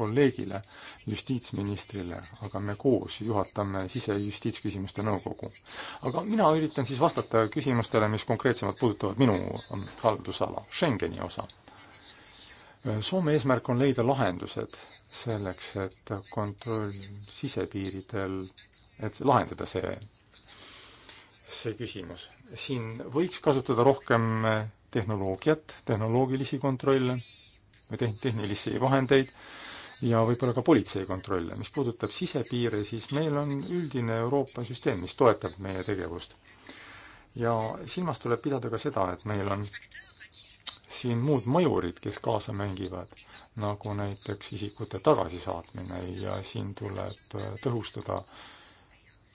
kolleegile, justiitsministrile, aga me koos juhatame sisejustiitsküsimuste nõukogu. aga mina üritan siis vastata küsimustele, mis konkreetsemalt puudutavad minu haldusala, Schengeni osa Soome eesmärk on leida lahendused selleks, et kontroll sisepiiridel, et lahendada see, see küsimus. siin võiks kasutada rohkem tehnoloogiat, tehnoloogilisi kontrolle või tehn-, tehnilisi vahendeid ja võib-olla ka politseikontrolle. mis puudutab sisepiire, siis meil on üldine Euroopa süsteem, mis toetab meie tegevust. ja silmas tuleb pidada ka seda, et meil on siin muud mõjurid, kes kaasa mängivad, nagu näiteks isikute tagasisaatmine ja siin tuleb äh, tõhustada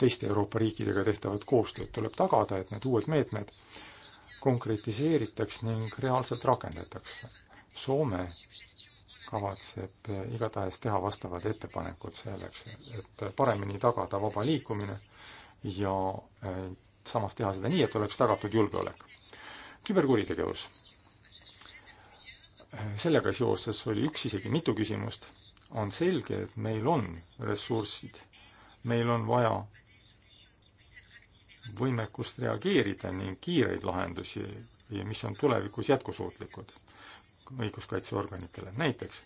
teiste Euroopa riikidega tehtavat koostööd, tuleb tagada, et need uued meetmed konkretiseeritaks ning reaalselt rakendatakse. Soome kavatseb äh, igatahes teha vastavad ettepanekud selleks, et paremini tagada vaba liikumine ja äh, samas teha seda nii, et oleks tagatud julgeolek. küberkuritegevus sellega seoses oli üks, isegi mitu küsimust, on selge, et meil on ressursid, meil on vaja võimekust reageerida ning kiireid lahendusi, mis on tulevikus jätkusuutlikud õiguskaitseorganitele. näiteks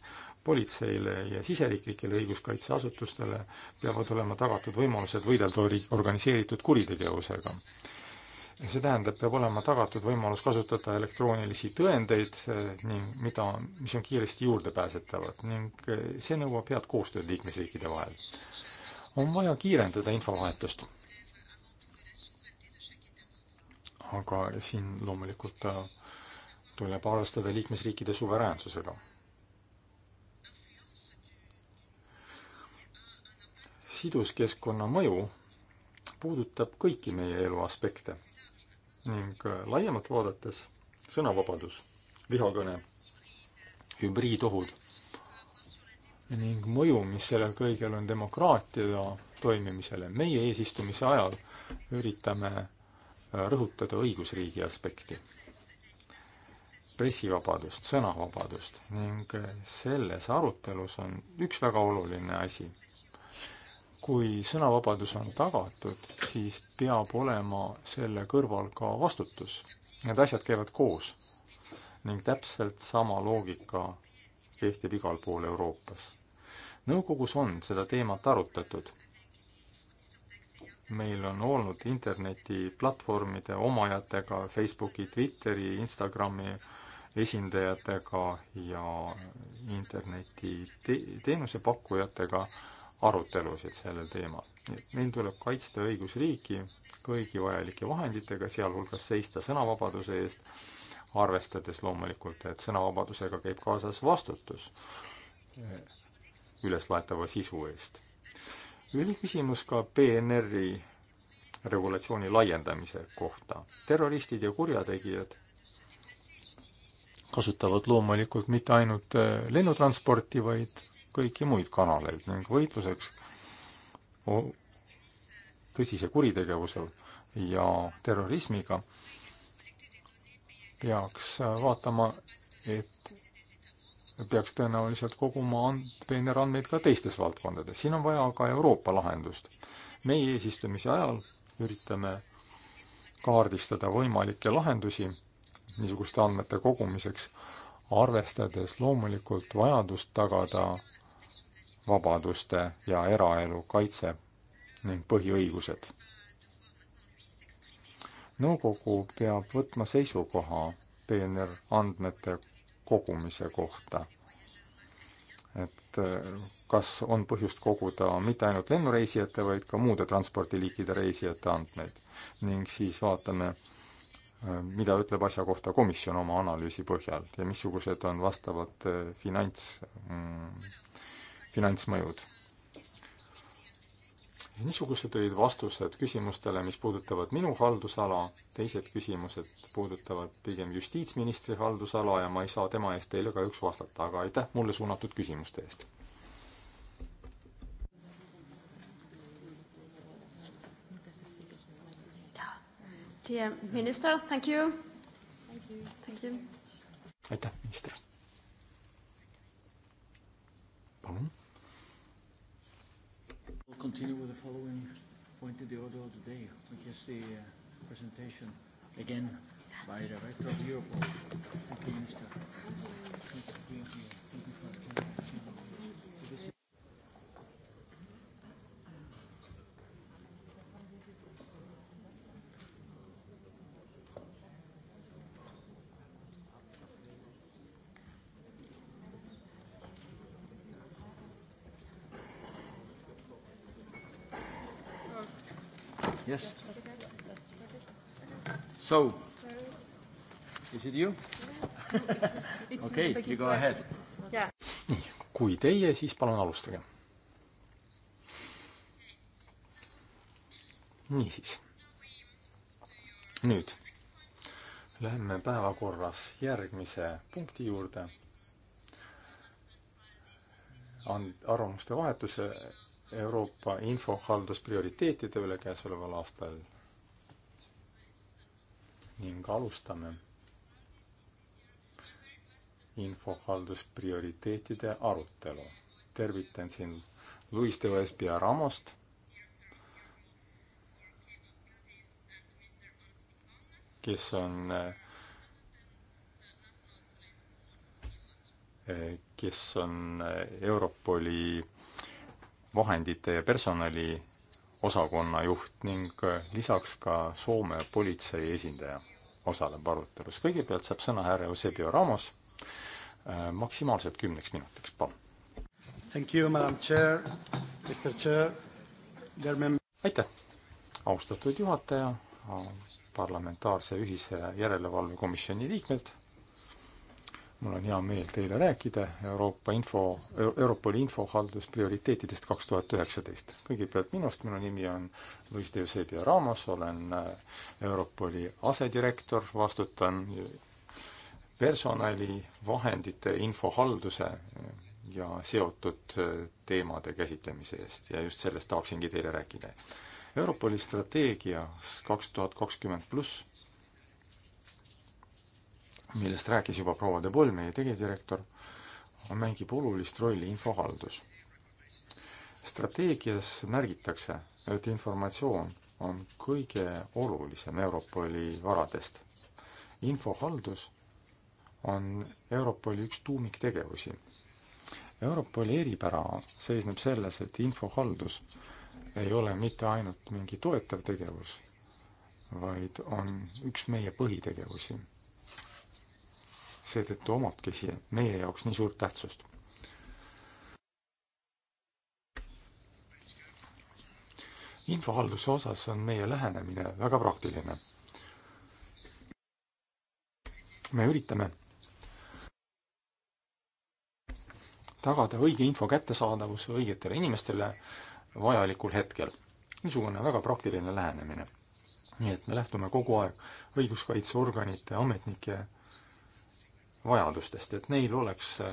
politseile ja siseriiklikele õiguskaitseasutustele peavad olema tagatud võimalused võidelda organiseeritud kuritegevusega see tähendab, peab olema tagatud võimalus kasutada elektroonilisi tõendeid eh, ning mida, mis on kiiresti juurdepääsetavad ning eh, see nõuab head koostööd liikmesriikide vahel. on vaja kiirendada infovahetust. aga siin loomulikult eh, tuleb arvestada liikmesriikide suveräänsusega. siduskeskkonna mõju puudutab kõiki meie elu aspekte ning äh, laiemalt vaadates sõnavabadus, vihakõne, hübriidohud ning mõju, mis sellel kõigel on demokraatia toimimisele. meie eesistumise ajal üritame äh, rõhutada õigusriigi aspekti, pressivabadust, sõnavabadust ning äh, selles arutelus on üks väga oluline asi kui sõnavabadus on tagatud, siis peab olema selle kõrval ka vastutus. Need asjad käivad koos. ning täpselt sama loogika kehtib igal pool Euroopas. nõukogus on seda teemat arutatud. meil on olnud internetiplatvormide omajatega, Facebooki, Twitteri, Instagrami esindajatega ja interneti te teenusepakkujatega te arutelusid sellel teemal. nii et meil tuleb kaitsta õigusriiki kõigi vajalike vahenditega, sealhulgas seista sõnavabaduse eest, arvestades loomulikult, et sõnavabadusega käib kaasas vastutus üleslaetava sisu eest. oli küsimus ka PNR-i regulatsiooni laiendamise kohta. terroristid ja kurjategijad kasutavad loomulikult mitte ainult eh, lennutransporti, vaid kõiki muid kanaleid ning võitluseks tõsise kuritegevuse ja terrorismiga peaks vaatama, et peaks tõenäoliselt koguma peenerandmeid ka teistes valdkondades. siin on vaja ka Euroopa lahendust. meie eesistumise ajal üritame kaardistada võimalikke lahendusi niisuguste andmete kogumiseks, arvestades loomulikult vajadust tagada vabaduste ja eraelu kaitse ning põhiõigused. nõukogu peab võtma seisukoha PNR andmete kogumise kohta. et äh, kas on põhjust koguda mitte ainult lennureisijate, vaid ka muude transpordiliikide reisijate andmeid ning siis vaatame, äh, mida ütleb asja kohta komisjon oma analüüsi põhjal ja missugused on vastavad äh, finants mm, finantsmõjud. niisugused olid vastused küsimustele, mis puudutavad minu haldusala, teised küsimused puudutavad pigem justiitsministri haldusala ja ma ei saa tema eest teile kahjuks vastata, aga aitäh mulle suunatud küsimuste eest Dear Minister, thank you. Thank you. Thank you. aitäh, minister. palun continue with the following point to the order of the day, which is the uh, presentation again by the Director of Europol. Thank you, Minister. Thank you. Thank you. Thank you for attending. Yes. So, is it you? okei okay,, you go ahead yeah.. nii, kui teie, siis palun alustage. niisiis. nüüd läheme päevakorras järgmise punkti juurde. on arvamuste vahetuse Euroopa infohaldusprioriteetide üle käesoleval aastal ning alustame infohaldusprioriteetide arutelu. tervitan siin Luis de Vespia Ramost, kes on, eh, kes on eh, Europoli äh, vahendite ja personali osakonna juht ning äh, lisaks ka Soome politsei esindaja osaleb arutelus. kõigepealt saab sõna härra Eusebio Ramos äh, maksimaalselt kümneks minutiks, palun. Thank you, madam chair, Mr Chair, dear mem-. aitäh, austatud juhataja, parlamentaarse ühise järelevalvekomisjoni liikmed mul on hea meel teile rääkida Euroopa info, Europoli infohaldus prioriteetidest kaks tuhat üheksateist. kõigepealt minust, minu nimi on Luis de Eusebio Ramos, olen äh, Europoli asedirektor, vastutan personali, vahendite, infohalduse äh, ja seotud äh, teemade käsitlemise eest ja just sellest tahaksingi teile rääkida. Europoli strateegias kaks tuhat kakskümmend pluss millest rääkis juba proua De Boll, meie tegevdirektor, mängib olulist rolli infohaldus. strateegias märgitakse, et informatsioon on kõige olulisem Europoli varadest. infohaldus on Europoli üks tuumiktegevusi. Europoli eripära seisneb selles, et infohaldus ei ole mitte ainult mingi toetav tegevus, vaid on üks meie põhitegevusi seetõttu omabki siia meie jaoks nii suurt tähtsust. infohalduse osas on meie lähenemine väga praktiline. me üritame tagada õige info kättesaadavuse õigetele inimestele vajalikul hetkel. niisugune väga praktiline lähenemine. nii et me lähtume kogu aeg õiguskaitseorganite, ametnike vajadustest, et neil oleks äh,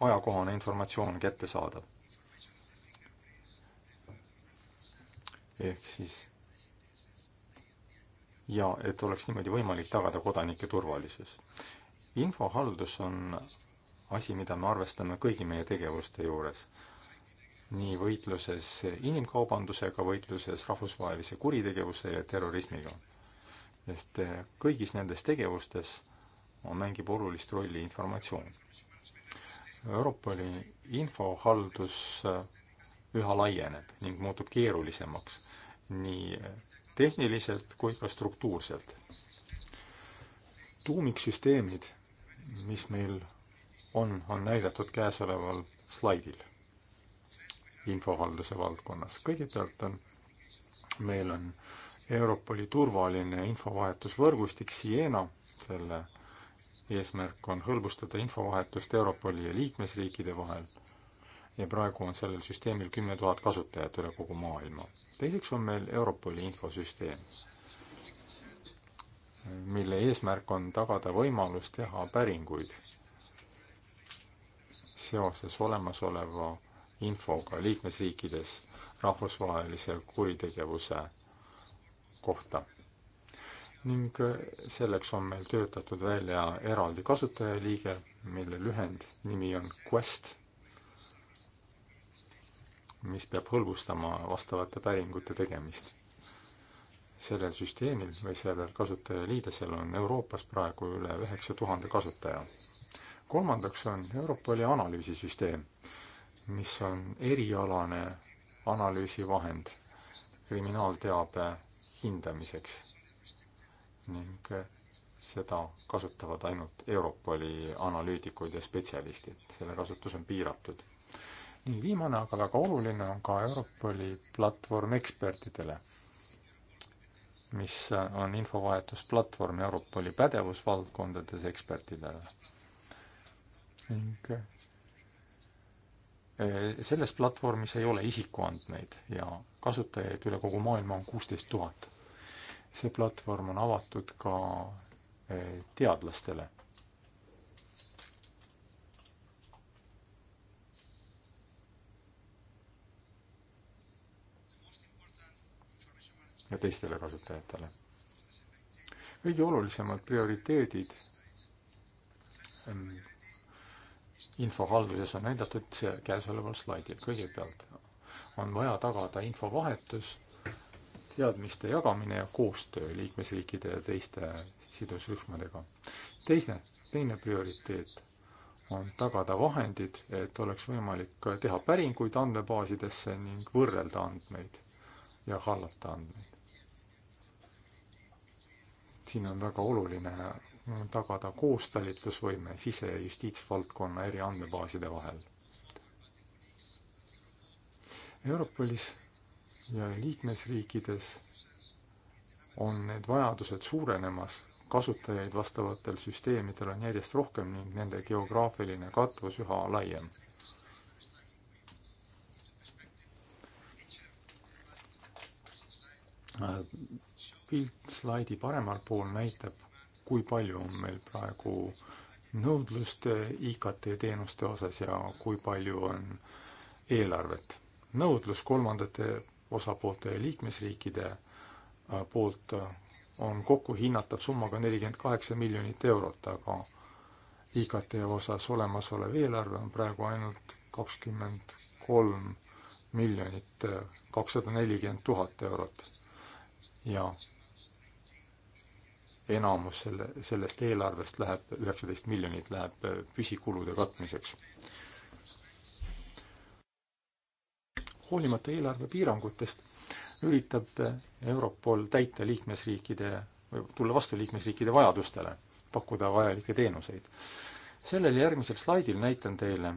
ajakohane informatsioon kättesaadav. ehk siis ja et oleks niimoodi võimalik tagada kodanike turvalisus. infohaldus on asi, mida me arvestame kõigi meie tegevuste juures. nii võitluses inimkaubandusega, võitluses rahvusvahelise kuritegevuse ja terrorismiga. sest äh, kõigis nendes tegevustes mängib olulist rolli informatsioon. Europoli infohaldus äh, üha laieneb ning muutub keerulisemaks nii tehniliselt kui ka struktuurselt. tuumiksüsteemid, mis meil on, on näidatud käesoleval slaidil infohalduse valdkonnas. kõigepealt on, meil on Europoli turvaline infovahetusvõrgustik Siena, selle eesmärk on hõlbustada infovahetust Europoli ja liikmesriikide vahel ja praegu on sellel süsteemil kümme tuhat kasutajat üle kogu maailma. teiseks on meil Europoli infosüsteem, mille eesmärk on tagada võimalus teha päringuid seoses olemasoleva infoga liikmesriikides rahvusvahelise kuritegevuse kohta ning selleks on meil töötatud välja eraldi kasutajaliige, mille lühendnimi on Quest, mis peab hõlbustama vastavate päringute tegemist. sellel süsteemil või sellel kasutajaliidesel on Euroopas praegu üle üheksa tuhande kasutaja. kolmandaks on Europoli analüüsisüsteem, mis on erialane analüüsivahend kriminaalteabe hindamiseks ning seda kasutavad ainult Europoli analüütikud ja spetsialistid, selle kasutus on piiratud. ning viimane, aga väga oluline on ka Europoli platvorm ekspertidele, mis on infovahetusplatvorm Europoli pädevusvaldkondades ekspertidele. ning eh, selles platvormis ei ole isikuandmeid ja kasutajaid üle kogu maailma on kuusteist tuhat see platvorm on avatud ka eh, teadlastele. ja teistele kasutajatele. kõige olulisemad prioriteedid ehm, infohalduses on näidatud käesoleval slaidil. kõigepealt on vaja tagada infovahetus teadmiste jagamine ja koostöö liikmesriikide ja teiste sidusrühmadega. teine, teine prioriteet on tagada vahendid, et oleks võimalik teha päringuid andmebaasidesse ning võrrelda andmeid ja hallata andmeid. siin on väga oluline tagada koostalitlusvõime sise- ja justiitsvaldkonna eri andmebaaside vahel. Europolis ja liikmesriikides on need vajadused suurenemas, kasutajaid vastavatel süsteemidel on järjest rohkem ning nende geograafiline katvus üha laiem. pilt slaidi paremal pool näitab, kui palju on meil praegu nõudlust IKT teenuste osas ja kui palju on eelarvet. nõudlus kolmandate osapoolte ja liikmesriikide äh, poolt äh, on kokku hinnatav summaga nelikümmend kaheksa miljonit eurot, aga IKT osas olemasolev eelarve on praegu ainult kakskümmend kolm miljonit äh, kakssada nelikümmend tuhat eurot. ja enamus selle, sellest eelarvest läheb, üheksateist miljonit läheb püsikulude katmiseks hoolimata eelarvepiirangutest üritab Europol täita liikmesriikide, tulla vastu liikmesriikide vajadustele, pakkuda vajalikke teenuseid. sellel järgmisel slaidil näitan teile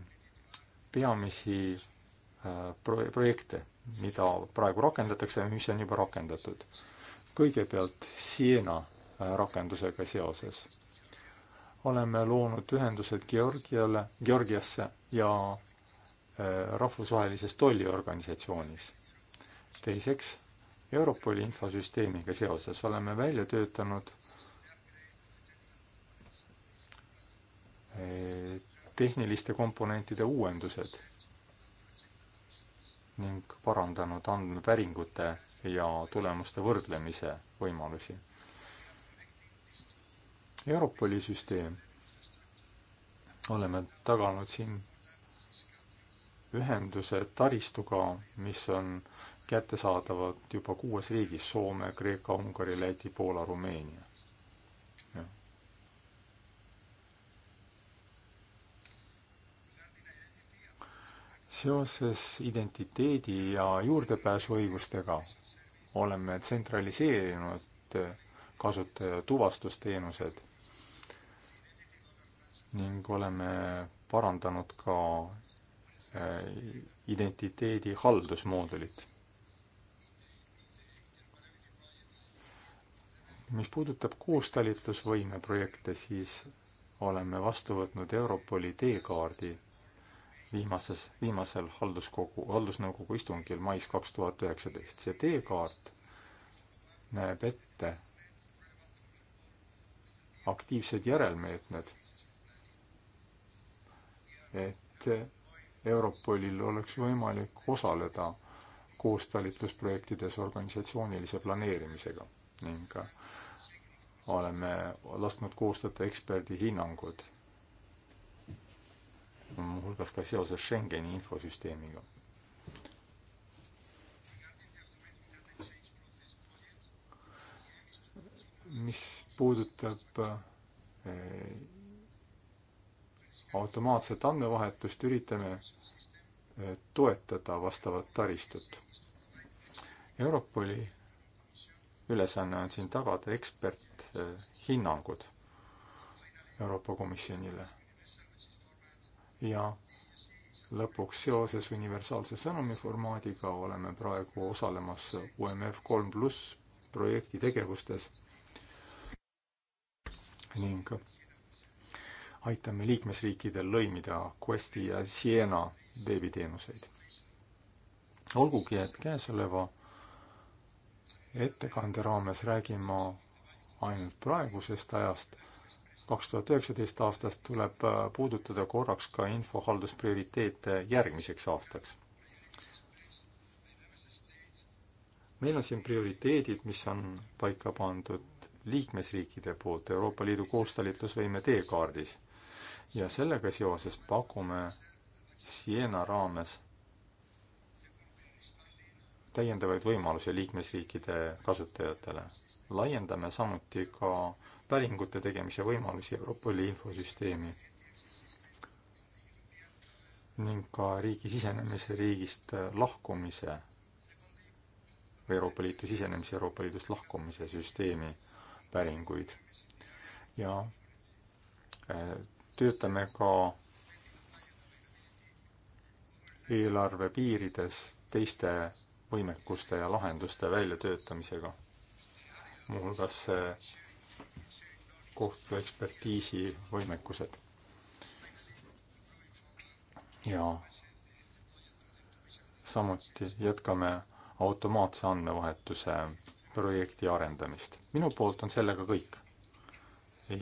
peamisi äh, pro-, projekte, mida praegu rakendatakse ja mis on juba rakendatud. kõigepealt Siena äh, rakendusega seoses oleme loonud ühendused Georgiale, Georgiasse ja Äh, rahvusvahelises tolliorganisatsioonis. teiseks, Europoli infosüsteemiga seoses oleme välja töötanud äh, tehniliste komponentide uuendused ning parandanud andmepäringute ja tulemuste võrdlemise võimalusi. Europoli süsteem oleme taganud siin ühenduse taristuga, mis on kättesaadavad juba kuues riigis Soome, Kreeka, Ungari, Läti, Poola, Rumeenia. seoses identiteedi ja juurdepääsuõigustega oleme tsentraliseerinud kasutaja tuvastusteenused ning oleme parandanud ka Äh, identiteedi haldusmoodulit. mis puudutab koostalitlusvõime projekte, siis oleme vastu võtnud Europoli teekaardi viimases, viimasel halduskogu, haldusnõukogu istungil mais kaks tuhat üheksateist. see teekaart näeb ette aktiivsed järelmeetmed, et Europolil oleks võimalik osaleda koostalitlusprojektides organisatsioonilise planeerimisega ning äh, oleme lasknud koostada eksperdi hinnangud, muuhulgas ka seoses Schengeni infosüsteemiga. mis puudutab äh, automaatset andmevahetust, üritame eh, toetada vastavat taristut. Europoli ülesanne on siin tagada eksperthinnangud eh, Euroopa Komisjonile. ja lõpuks seoses universaalse sõnumi formaadiga oleme praegu osalemas UMF kolm pluss projekti tegevustes ning aitame liikmesriikidel lõimida Questi ja Siena veebiteenuseid. olgugi, et käesoleva ettekande raames räägin ma ainult praegusest ajast, kaks tuhat üheksateist aastast tuleb puudutada korraks ka infohaldusprioriteete järgmiseks aastaks. meil on siin prioriteedid, mis on paika pandud liikmesriikide poolt Euroopa Liidu koostalitlusvõime teekaardis ja sellega seoses pakume Siena raames täiendavaid võimalusi liikmesriikide kasutajatele. laiendame samuti ka päringute tegemise võimalusi Europoli infosüsteemi ning ka riigi sisenemise, riigist lahkumise või Euroopa Liitu sisenemise, Euroopa Liidust lahkumise süsteemi päringuid. ja äh, töötame ka eelarve piirides teiste võimekuste ja lahenduste väljatöötamisega. muuhulgas kohtu ekspertiisi võimekused. ja samuti jätkame automaatse andmevahetuse projekti arendamist. minu poolt on sellega kõik.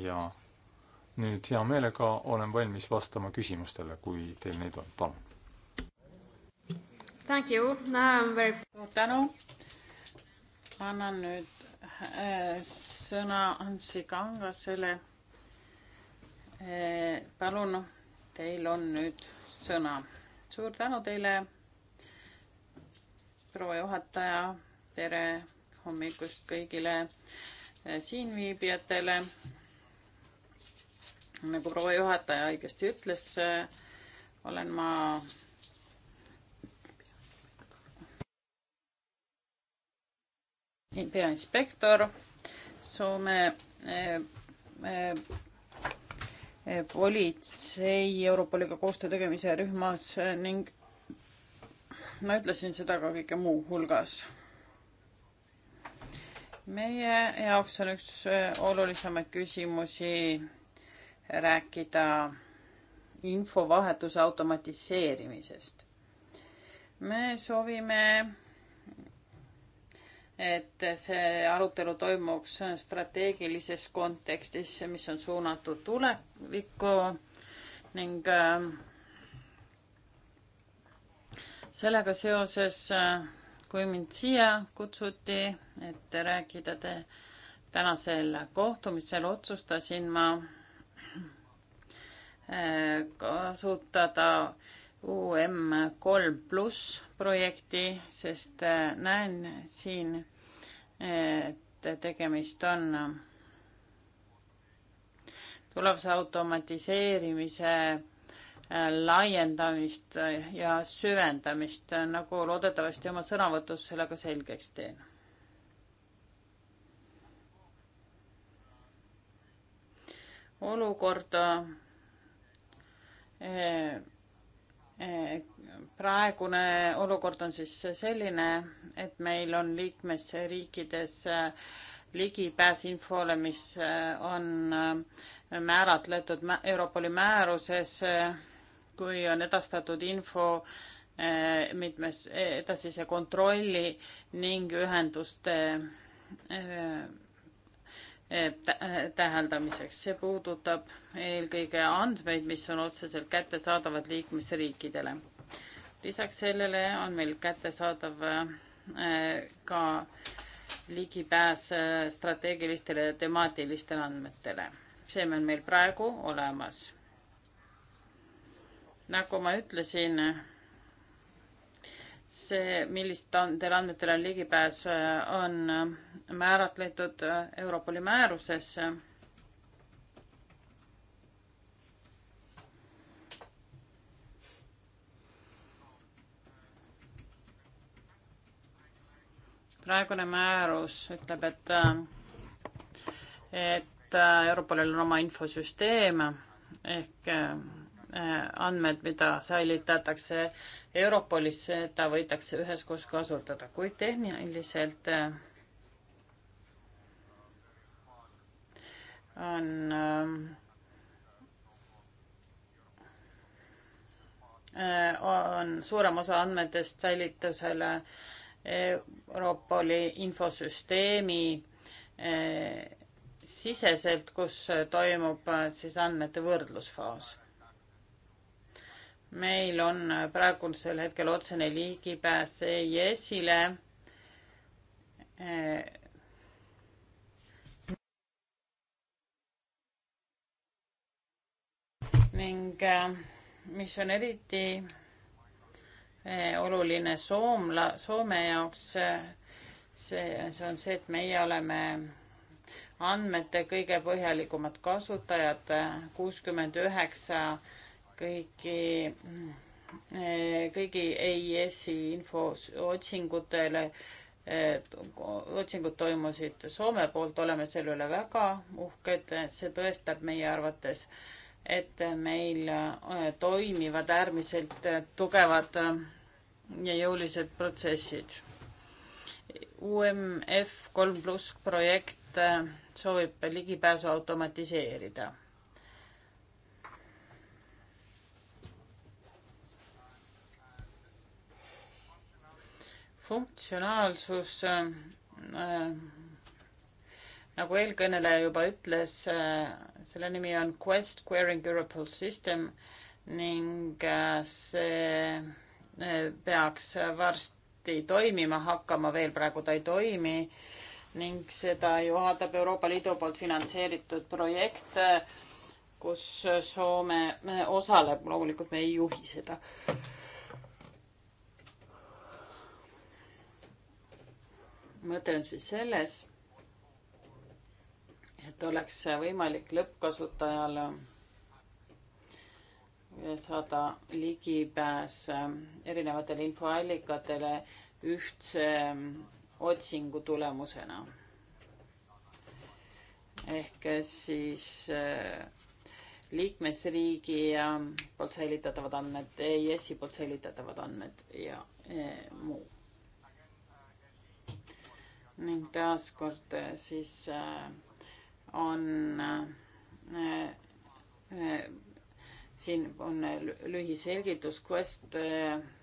ja nüüd hea meelega olen valmis vastama küsimustele, kui teil neid on, palun. Thank you, very suur tänu. annan nüüd äh, sõna Ansi Kangasele äh,. palun, teil on nüüd sõna. suur tänu teile, proua juhataja. tere hommikust kõigile äh, siinviibijatele nagu proua juhataja õigesti ütles, äh, olen ma peainspektor Soome eh, eh, eh, politsei Europoliga koostöö tegemise rühmas ning ma ütlesin seda ka kõige muu hulgas. meie jaoks on üks olulisemaid küsimusi rääkida infovahetuse automatiseerimisest. me soovime, et see arutelu toimuks strateegilises kontekstis, mis on suunatud tulevikku ning äh, sellega seoses, äh, kui mind siia kutsuti, et rääkida te tänasel kohtumisel, otsustasin ma kasutada UM3 pluss projekti, sest äh, näen siin, et tegemist on tulevase automatiseerimise äh, laiendamist ja süvendamist, nagu loodetavasti oma sõnavõtus selle ka selgeks teen olukorda. Eh, eh, praegune olukord on siis selline, et meil on liikmesriikides eh, ligipääs infole, mis on määratletud Europoli määruses, kui on edastatud info mitmes edasise kontrolli ning ühenduste Eh, eh, täheldamiseks. see puudutab eelkõige andmeid, mis on otseselt kättesaadavad liikmesriikidele. lisaks sellele on meil kättesaadav eh, ka ligipääs strateegilistele ja temaatilistele andmetele. see on meil praegu olemas. nagu ma ütlesin see, millistele andmetele on ligipääs, äh, on äh, määratletud äh, Europoli määruses. praegune määrus ütleb, et, et Europolil on oma infosüsteem ehk Äh, andmed, mida säilitatakse Europolis, seda võidakse üheskoos kasutada, kuid tehniliselt äh, on äh, on suurem osa andmetest säilitusele Europoli infosüsteemi siseselt, kus toimub siis andmete võrdlusfaas meil on äh, praegusel hetkel otsene ligipääs EIS-ile. Äh, ning äh, mis on eriti oluline soomla, Soome jaoks, see, see on see, et meie oleme andmete kõige põhjalikumad kasutajad, kuuskümmend üheksa kõiki, kõigi EIS-i info otsingutele. Eh, otsingud toimusid Soome poolt, oleme selle üle väga uhked, see tõestab meie arvates, et meil eh, toimivad äärmiselt tugevad ja jõulised protsessid. UMF kolm pluss projekt eh, soovib ligipääsu automatiseerida funktsionaalsus äh, nagu eelkõneleja juba ütles, äh, selle nimi on Quest Querying Europol System ning äh, see peaks varsti toimima hakkama, veel praegu ta ei toimi ning seda juhatab Euroopa Liidu poolt finantseeritud projekt, kus Soome osaleb, loomulikult me ei juhi seda mõte on siis selles, et oleks võimalik lõppkasutajal saada ligipääs erinevatele infoallikatele ühtse otsingu tulemusena. ehk siis eh, liikmesriigi poolt säilitatavad andmed, EIS-i poolt säilitatavad andmed ja eh, muu ning taaskord äh, siis äh, on äh, siin on lühiselgitus, Quest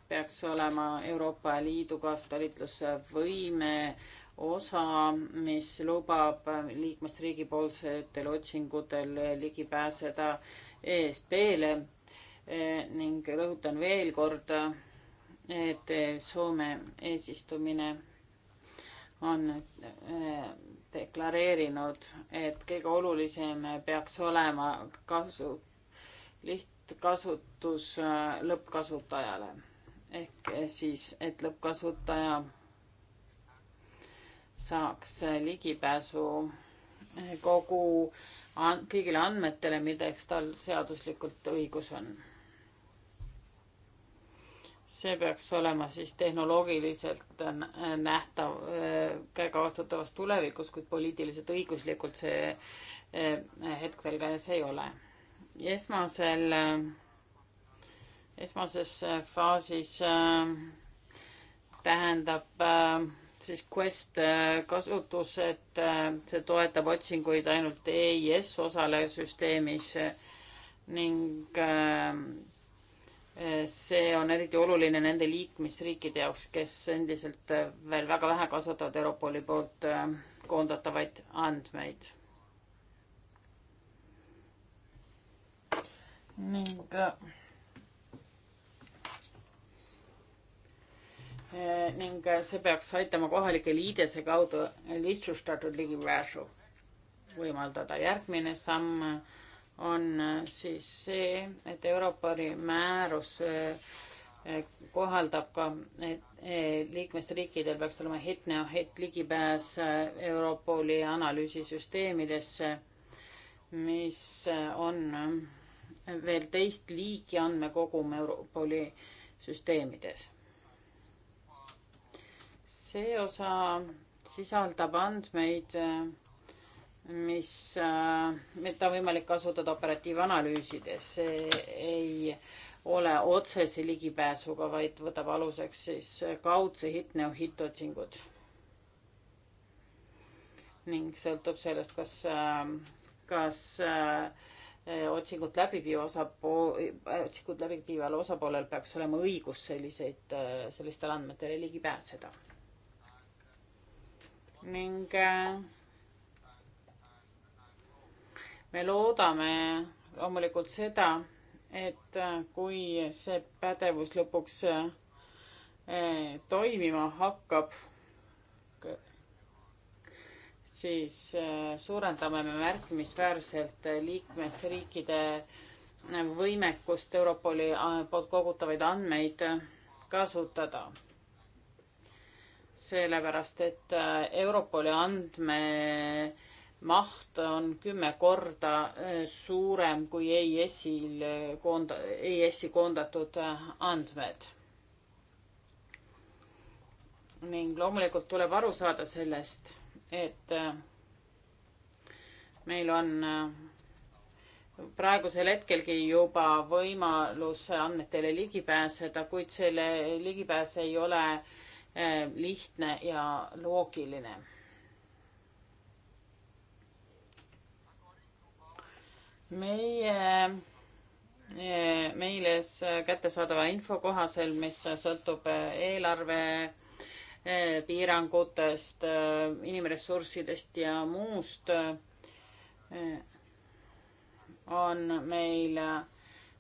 peaks olema Euroopa Liidu kaastalitlusvõime osa, mis lubab liikmesriigi poolsetel otsingutel ligi pääseda ESP-le ning rõhutan veel kord, et Soome eesistumine on äh, deklareerinud, et kõige olulisem peaks olema kasu, lihtkasutus äh, lõppkasutajale. ehk siis, et lõppkasutaja saaks ligipääsu äh, kogu an-, kõigile andmetele, milleks tal seaduslikult õigus on see peaks olema siis tehnoloogiliselt nähtav, äh, käegakatsutavas tulevikus, kuid poliitiliselt õiguslikult see äh, hetk veel käes ei ole. esmasel, äh, esmases faasis tähendab siis Quest kasutus, et see toetab otsinguid ainult EIS osale süsteemis ning see on eriti oluline nende liikmesriikide jaoks, kes endiselt äh, veel väga vähe kasutavad Europoli poolt äh, koondatavaid andmeid. ning äh, ning see peaks aitama kohalikel IDS-e kaudu lihtsustatud ligipääsu võimaldada. järgmine samm on äh, siis see, et Europoli määrus äh, äh, kohaldab ka, et liikmesriikidel peaks olema hetne-het ligipääs Europoli analüüsisüsteemidesse, mis on veel teist liiki andmekogum Europoli süsteemides. see osa sisaldab andmeid äh, mis, äh, mida on võimalik kasutada operatiivanalüüsides, see ei ole otsese ligipääsuga, vaid võtab aluseks siis kaudse hitneo hitotsingud. ning sõltub sellest, kas, äh, kas äh, otsingut läbi viiva osapool, otsingut läbi viival osapoolel peaks olema õigus selliseid, sellistele andmetele ligi pääseda. ning äh, me loodame loomulikult seda, et äh, kui see pädevus lõpuks äh, toimima hakkab, siis äh, suurendame me märkimisväärselt liikmesriikide võimekust Europoli poolt kogutavaid andmeid kasutada. sellepärast, et Europoli andme maht on kümme korda äh, suurem kui EIS-il äh, koonda-, EIS-i koondatud äh, andmed. ning loomulikult tuleb aru saada sellest, et meil on praegusel hetkelgi juba võimalus andmetele ligi pääseda, kuid selle ligipääs ei ole lihtne ja loogiline meie, eh, meile kättesaadava info kohaselt, mis sõltub eh, eelarve eh, piirangutest, inimressurssidest ja muust, on meil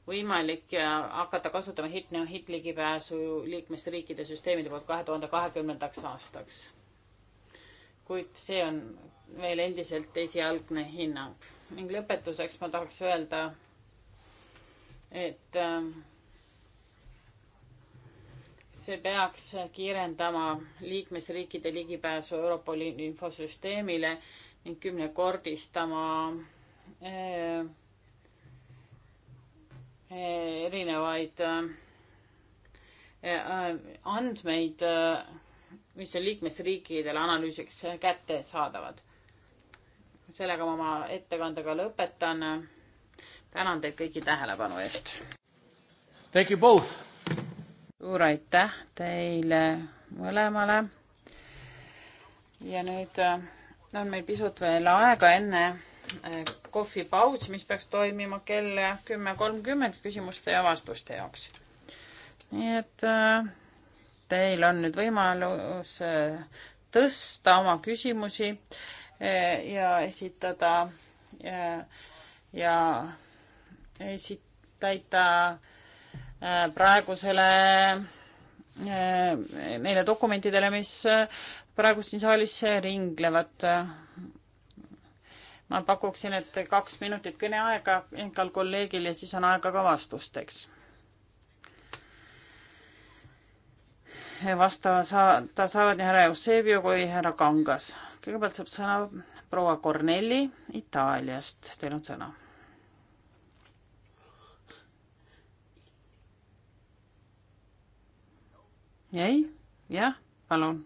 võimalik hakata kasutama hit-no-hit ligipääsu liikmesriikide süsteemide poolt kahe tuhande kahekümnendaks aastaks. kuid see on veel endiselt esialgne hinnang ning lõpetuseks ma tahaks öelda, et äh, see peaks kiirendama liikmesriikide ligipääsu Europoli infosüsteemile ning kümnekordistama äh, äh, erinevaid andmeid, mis on liikmesriikidele analüüsiks kättesaadavad sellega ma oma ettekandega lõpetan. tänan teid kõiki tähelepanu eest. Thank you both. suur aitäh teile mõlemale. ja nüüd äh, on meil pisut veel aega enne äh, kohvipaus, mis peaks toimima kell kümme kolmkümmend küsimuste ja vastuste jaoks. nii et äh, teil on nüüd võimalus tõsta oma küsimusi Eh, ja esitada ja, eh, ja esit-, täita eh, praegusele neile dokumentidele, mis praegu siin saalis ringlevad. ma pakuksin, et kaks minutit kõneaega igal kolleegil ja siis on aega ka vastusteks. vasta saa-, ta saavad nii härra Eusebio kui härra Kangas kõigepealt saab sõna proua Cornelli Itaaliast, teil on sõna. jäi? jah, palun.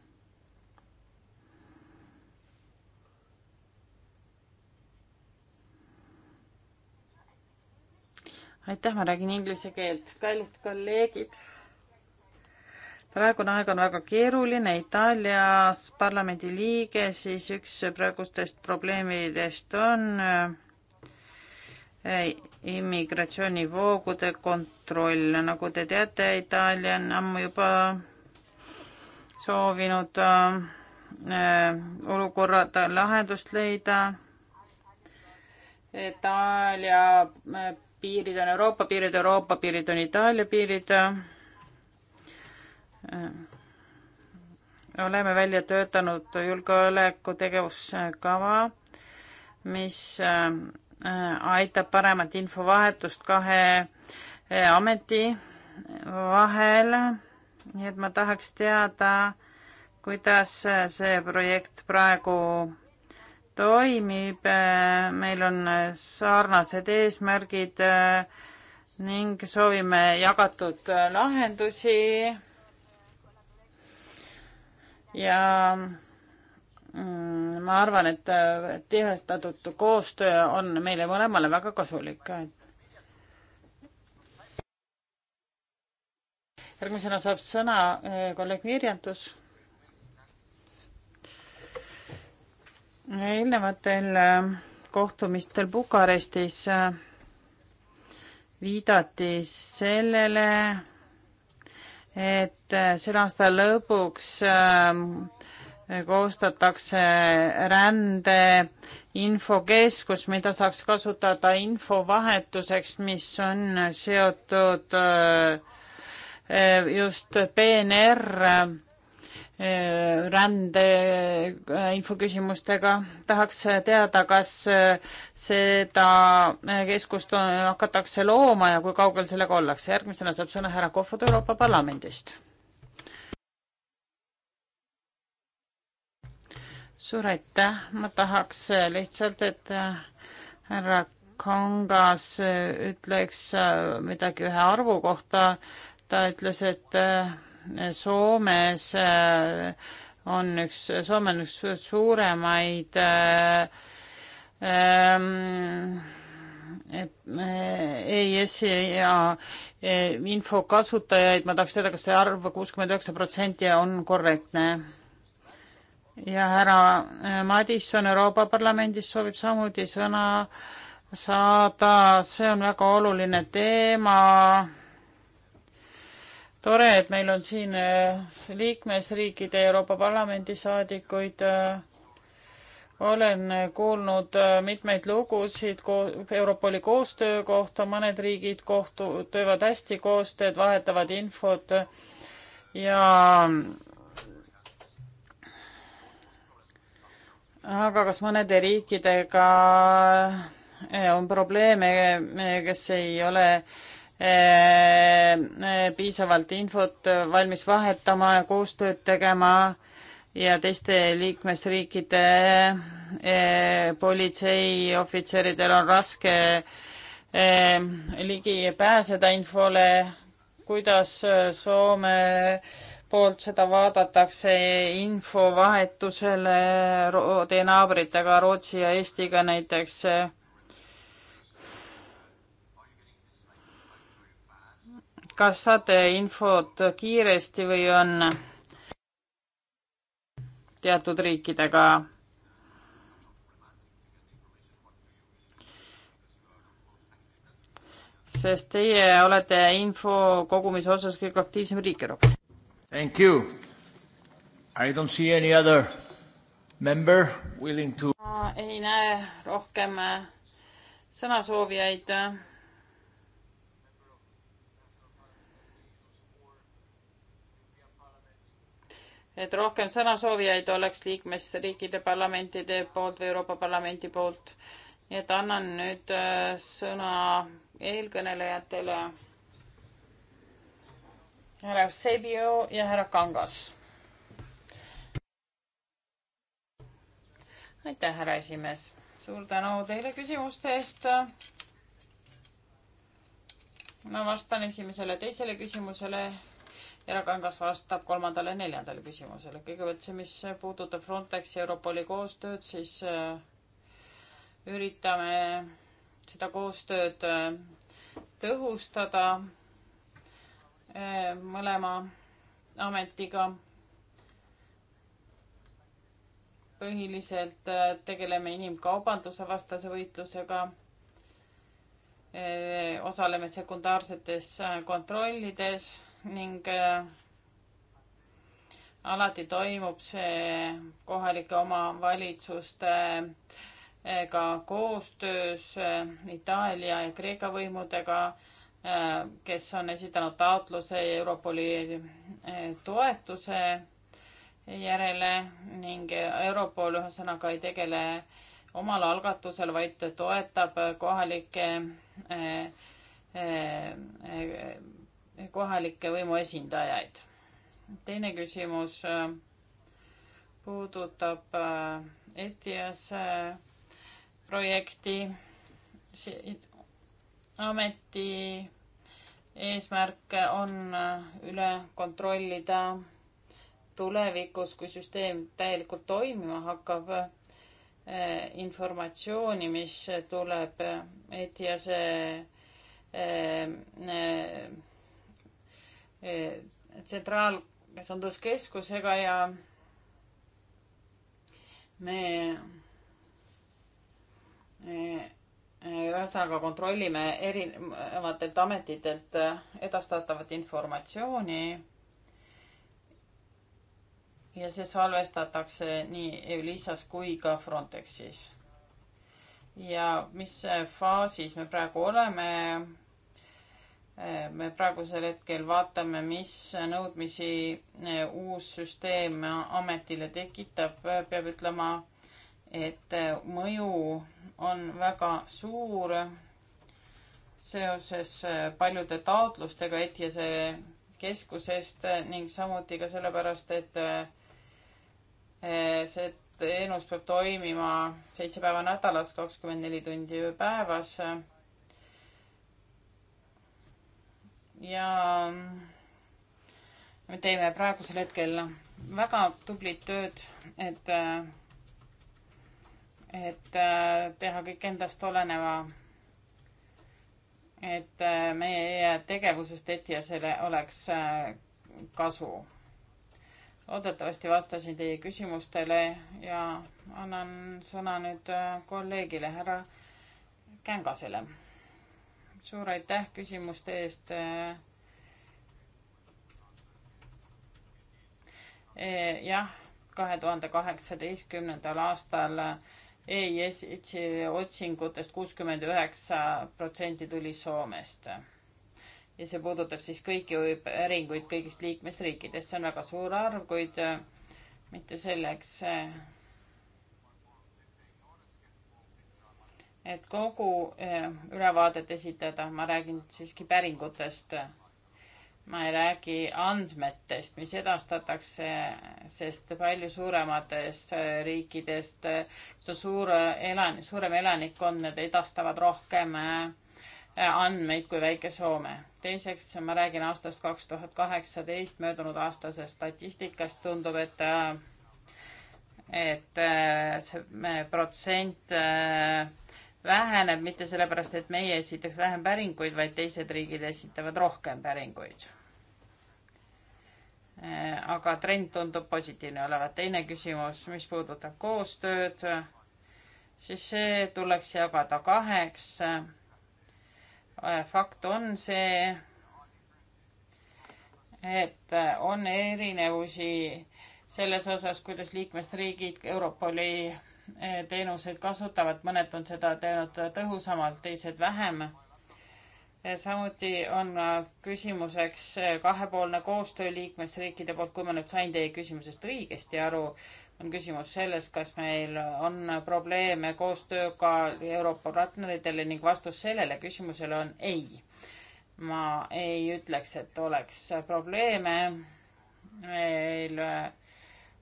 aitäh, ma räägin inglise keelt, kallid kolleegid praegune aeg on väga keeruline, Itaalias parlamendi liige, siis üks praegustest probleemidest on äh, immigratsioonivoogude kontroll, nagu te teate, Itaalia on ammu juba soovinud äh, äh olukorrada lahendust leida. Itaalia äh, piirid on Euroopa piirid, Euroopa piirid on Itaalia piirid äh, oleme välja töötanud julgeolekutegevuskava, mis äh, aitab paremat infovahetust kahe äh, ameti vahel. nii et ma tahaks teada, kuidas äh, see projekt praegu toimib. meil on sarnased eesmärgid ning soovime jagatud lahendusi ja mm, ma arvan, et äh, tihestatud koostöö on meile mõlemale väga kasulik. järgmisena saab sõna äh, kolleeg Mirjandus. eelnevatel äh, kohtumistel Bukarestis viidati sellele, et äh, selle aasta lõpuks ähm, koostatakse rände infokeskus, mida saaks kasutada infovahetuseks, mis on seotud äh, äh, just PNR rände äh, infoküsimustega. tahaks teada, kas äh, seda äh, keskust hakatakse looma ja kui kaugel sellega ollakse. järgmisena saab sõna härra Kohvud Euroopa Parlamendist. suur aitäh, ma tahaks lihtsalt, et härra Kangas ütleks midagi ühe arvu kohta. ta ütles, et Soomes äh, on üks, Soome on üks suuremaid äh, ähm, äh, EIS-i ja info kasutajaid, ma tahaks teada, kas see arv kuuskümmend üheksa protsenti on korrektne ja härra Madisson Euroopa Parlamendis soovib samuti sõna saada, see on väga oluline teema tore, et meil on siin äh, liikmesriikide Euroopa Parlamendi saadikuid. Äh, olen kuulnud äh, mitmeid lugusid Europoli koostöö kohta, mõned riigid kohtu-, teevad hästi koostööd, vahetavad infot ja aga kas mõnede riikidega on probleeme, kes ei ole äh, Ehm, eh, piisavalt infot eh, valmis vahetama ja koostööd tegema ja teiste liikmesriikide eh, politseiohvitseridel on raske ehm, ligi pääseda infole, kuidas Soome poolt seda vaadatakse infovahetusele teie naabritega Rootsi ja Eestiga näiteks kas saate infot kiiresti või on teatud riikidega sest teie olete info kogumise osas kõige aktiivsem riik Euroopas. Thank you. I don't see any other member willing to. ma ei näe rohkem äh, sõnasoovijaid et rohkem sõnasoovijaid oleks liikmesriikide parlamentide poolt või Euroopa Parlamendi poolt. nii et annan nüüd äh, sõna eelkõnelejatele. härra Sebio ja härra Kangas. aitäh, härra esimees. suur tänu teile küsimuste eest. ma vastan esimesele, teisele küsimusele erakond, kas vastab kolmandale, neljandale küsimusele. kõigepealt see, mis puudutab Frontex ja Europoli koostööd, siis äh, üritame seda koostööd äh, tõhustada äh, mõlema ametiga. põhiliselt tegeleme inimkaubanduse vastase võitlusega. osaleme sekundaarsetes kontrollides ning äh, alati toimub see kohalike omavalitsustega äh, koostöös äh, Itaalia ja Kreeka võimudega, kes on esitanud taotluse Europoli toetuse järele ning Europol ühesõnaga ei tegele omal algatusel, vaid toetab kohalikke kohalikke võimuesindajaid. teine küsimus äh, puudutab äh, ETIAS äh, projekti. ameti eesmärk on üle kontrollida tulevikus, kui süsteem täielikult toimima hakkab, informatsiooni, mis tuleb ETIAS-e tsentraalkäsunduskeskusega eh, ja me eh, ühesõnaga kontrollime erinevatelt ametitelt eh, edastatavat informatsiooni ja see salvestatakse nii Eulisas kui ka Frontexis. ja mis faasis me praegu oleme, me praegusel hetkel vaatame, mis nõudmisi eh, uus süsteem ametile tekitab, peab ütlema, et eh, mõju on väga suur seoses eh, paljude taotlustega ETIAS-e keskusest ning samuti ka sellepärast, et see teenus peab toimima seitse päeva nädalas, kakskümmend neli tundi ööpäevas ja me teeme praegusel hetkel väga tublit tööd, et, et äh, teha kõik endast oleneva, et äh, meie tegevusest Etiasele oleks äh, kasu. loodetavasti vastasin teie küsimustele ja annan sõna nüüd kolleegile, härra Kängasele suur aitäh küsimuste eest. E, jah, kahe tuhande kaheksateistkümnendal aastal EIS-i otsingutest kuuskümmend üheksa protsenti tuli Soomest. ja see puudutab siis kõiki päringuid kõigist liikmesriikidest, see on väga suur arv, kuid mitte selleks et kogu eh, ülevaadet esitada, ma räägin siiski päringutest. ma ei räägi andmetest, mis edastatakse, sest palju suurematest eh, riikidest, kus eh, on suur elan-, suurem elanikkond, need edastavad rohkem andmeid kui väike Soome. teiseks ma räägin aastast kaks tuhat kaheksateist möödunud aastase statistikast, tundub, et et see protsent väheneb mitte sellepärast, et meie esitaks vähem päringuid, vaid teised riigid esitavad rohkem päringuid. Äh, aga trend tundub positiivne olevat. teine küsimus, mis puudutab koostööd, siis see tuleks jagada kaheks. Äh, fakt on see, et on erinevusi selles osas, kuidas liikmesriigid Europoli teenuseid kasutavad, mõned on seda teinud tõhusamalt, teised vähem. samuti on küsimuseks kahepoolne koostöö liikmesriikide poolt, kui ma nüüd sain teie küsimusest õigesti aru, on küsimus selles, kas meil on probleeme koostööga Euroopa partneritele ning vastus sellele küsimusele on ei. ma ei ütleks, et oleks probleeme meil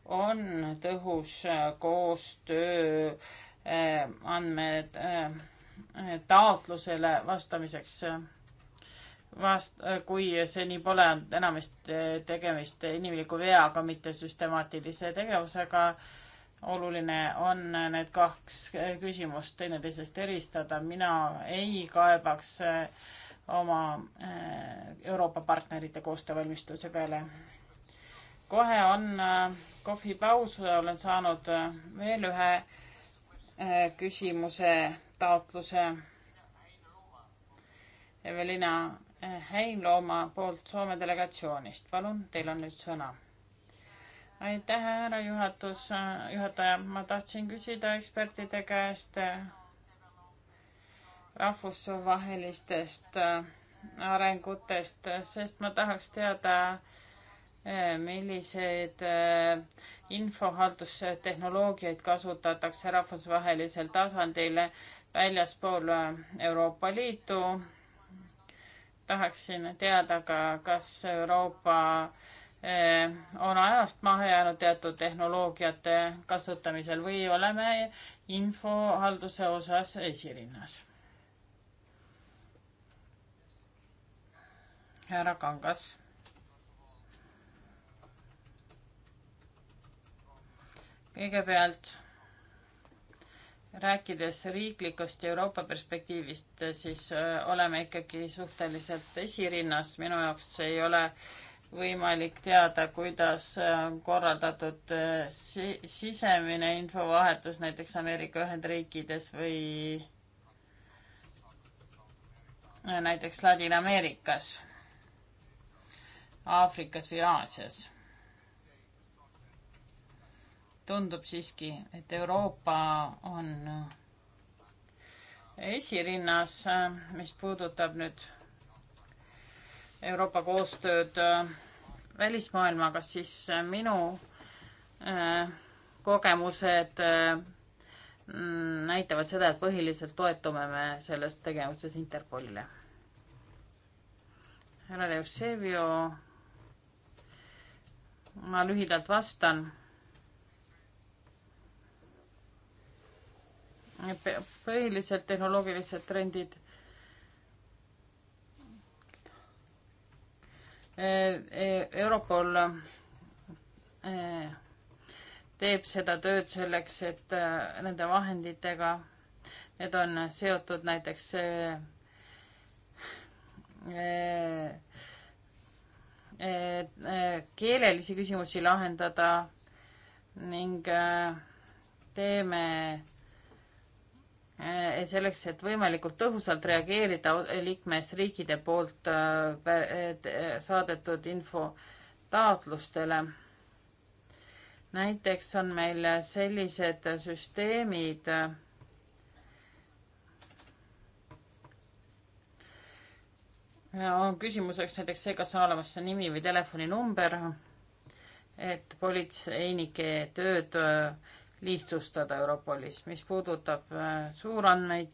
on tõhus äh, koostöö äh, andmed äh, taotlusele vastamiseks vast-, kui see nii pole, on enamasti tegemist inimliku veaga, mitte süstemaatilise tegevusega. oluline on need kaks küsimust teineteisest eristada. mina ei kaebaks oma Euroopa partnerite koostöövalmistuse peale kohe on äh, kohvipaus, olen saanud äh, veel ühe äh, küsimuse taotluse Evelina Heinlooma poolt Soome delegatsioonist. palun, teil on nüüd sõna. aitäh, härra juhatus, juhataja, ma tahtsin küsida ekspertide käest rahvusvahelistest arengutest, sest ma tahaks teada äh, Eh, milliseid eh, infohaldustehnoloogiaid kasutatakse rahvusvahelisel tasandil väljaspool eh, Euroopa Liitu. tahaksin teada ka, kas Euroopa on ajast maha jäänud teatud tehnoloogiate kasutamisel või oleme infohalduse osas esirinnas? härra Kangas kõigepealt rääkides riiklikust ja Euroopa perspektiivist, siis äh, oleme ikkagi suhteliselt esirinnas, minu jaoks ei ole võimalik teada, kuidas on äh, korraldatud äh, si sisemine infovahetus näiteks Ameerika Ühendriikides või näiteks Ladina-Ameerikas, Aafrikas või Aasias tundub siiski, et Euroopa on esirinnas, mis puudutab nüüd Euroopa koostööd välismaailmaga, siis minu äh, kogemused äh, näitavad seda, et põhiliselt toetume me selles tegevuses Interpolile. härra Leussevio, ma lühidalt vastan põhiliselt tehnoloogilised trendid e-, e-, Europol e, teeb seda tööd selleks, et nende vahenditega, need on seotud näiteks keelelisi küsimusi lahendada ning teeme Eh, selleks, et võimalikult tõhusalt reageerida liikmesriikide poolt eh, eh, saadetud infotaotlustele. näiteks on meil sellised süsteemid, on küsimuseks näiteks see, kas on olemas see nimi või telefoninumber, et politseinike tööd lihtsustada Europolis. mis puudutab äh, suurandmeid,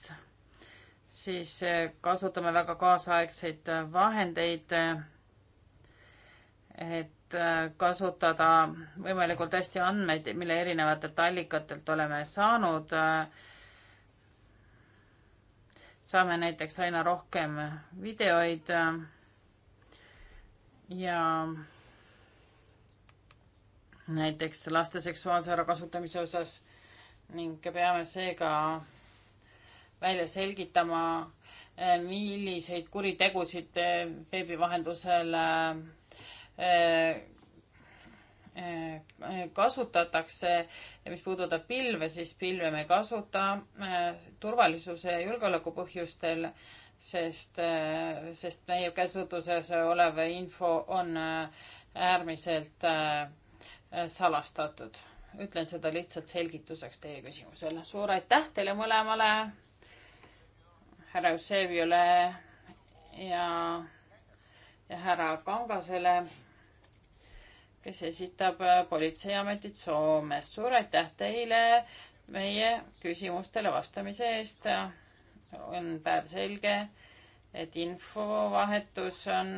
siis äh, kasutame väga kaasaegseid äh, vahendeid, et kasutada võimalikult hästi andmeid, mille erinevatelt allikatelt oleme saanud. saame näiteks aina rohkem videoid ja näiteks laste seksuaalse ärakasutamise osas ning peame seega välja selgitama, eh, milliseid kuritegusid eh, veebi vahendusel eh, kasutatakse ja mis puudutab pilve, siis pilve me ei kasuta turvalisuse ja julgeoleku põhjustel, sest, sest meie käsutuses olev info on äärmiselt Äh, salastatud. ütlen seda lihtsalt selgituseks teie küsimusele. suur aitäh teile mõlemale, härra Juseviole ja, ja härra Kangasele, kes esitab äh, politseiametit Soomes. suur aitäh teile meie küsimustele vastamise eest. on päevselge, et infovahetus on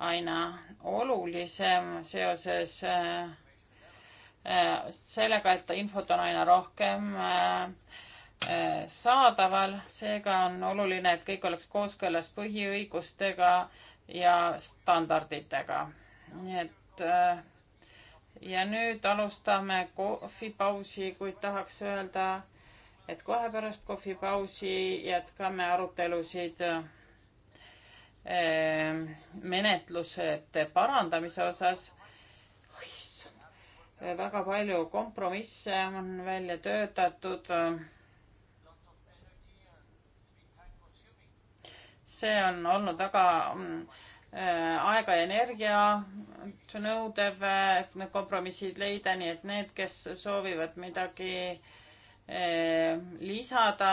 aina olulisem seoses äh, äh, sellega, et infot on aina rohkem äh, saadaval, seega on oluline, et kõik oleks kooskõlas põhiõigustega ja standarditega. nii et ja nüüd alustame kohvipausi, kuid tahaks öelda, et kohe pärast kohvipausi jätkame arutelusid Ehm, menetlused parandamise osas. Äh, väga palju kompromisse on välja töötatud. see on olnud väga mm, äh, aega ja energia nõudev need kompromissid leida, nii et need, kes soovivad midagi äh, lisada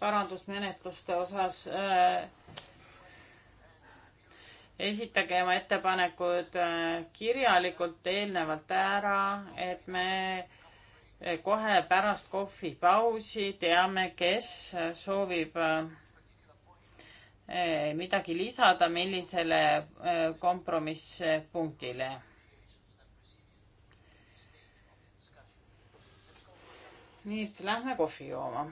parandusmenetluste osas äh, esitage oma ettepanekud äh, kirjalikult eelnevalt ära, et me äh, kohe pärast kohvipausi teame, kes soovib äh, midagi lisada, millisele kompromisspunktile. nii et lähme kohvi jooma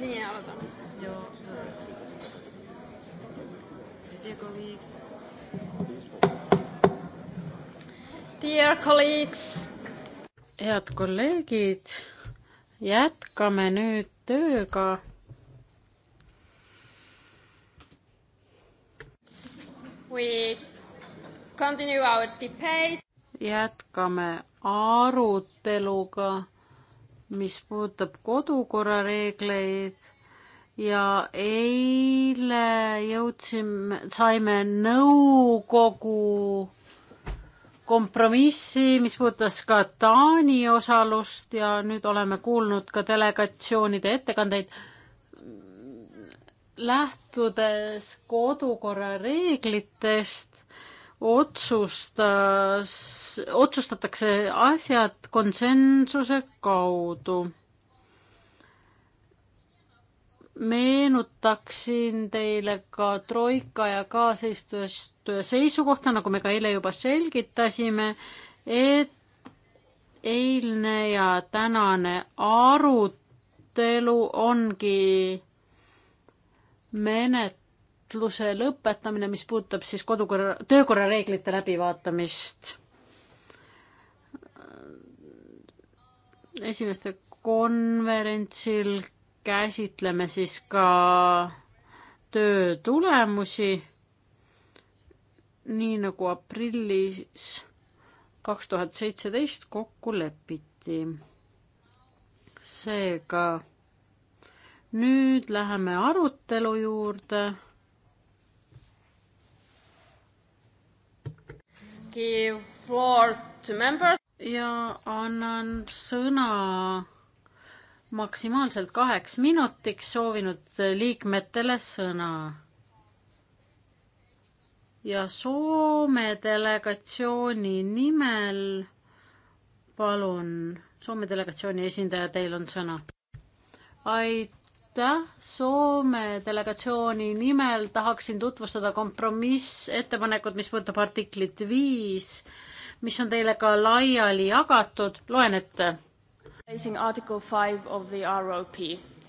nii avaldanud. Äh, Dear colleagues. head kolleegid, jätkame nüüd tööga. We continue our debate. jätkame aruteluga mis puudutab kodukorrareegleid ja eile jõudsime, saime nõukogu kompromissi, mis puudutas ka Taani osalust ja nüüd oleme kuulnud ka delegatsioonide ettekandeid. lähtudes kodukorra reeglitest otsustas, otsustatakse asjad konsensuse kaudu. meenutaksin teile ka Troika ja kaasistuja seisukohta, nagu me ka eile juba selgitasime, et eilne ja tänane arutelu ongi menet-, menetluse lõpetamine, mis puudutab siis kodukorra, töökorrareeglite läbivaatamist. esimeste konverentsil käsitleme siis ka töö tulemusi, nii nagu aprillis kaks tuhat seitseteist kokku lepiti. seega nüüd läheme arutelu juurde give floor to members. ja annan sõna maksimaalselt kaheks minutiks soovinud liikmetele sõna. ja Soome delegatsiooni nimel palun, Soome delegatsiooni esindaja, teil on sõna. aitäh aitäh! Soome delegatsiooni nimel tahaksin tutvustada kompromissettepanekut, mis puudutab artiklit viis, mis on teile ka laiali jagatud, loen ette. Article five of the ROP.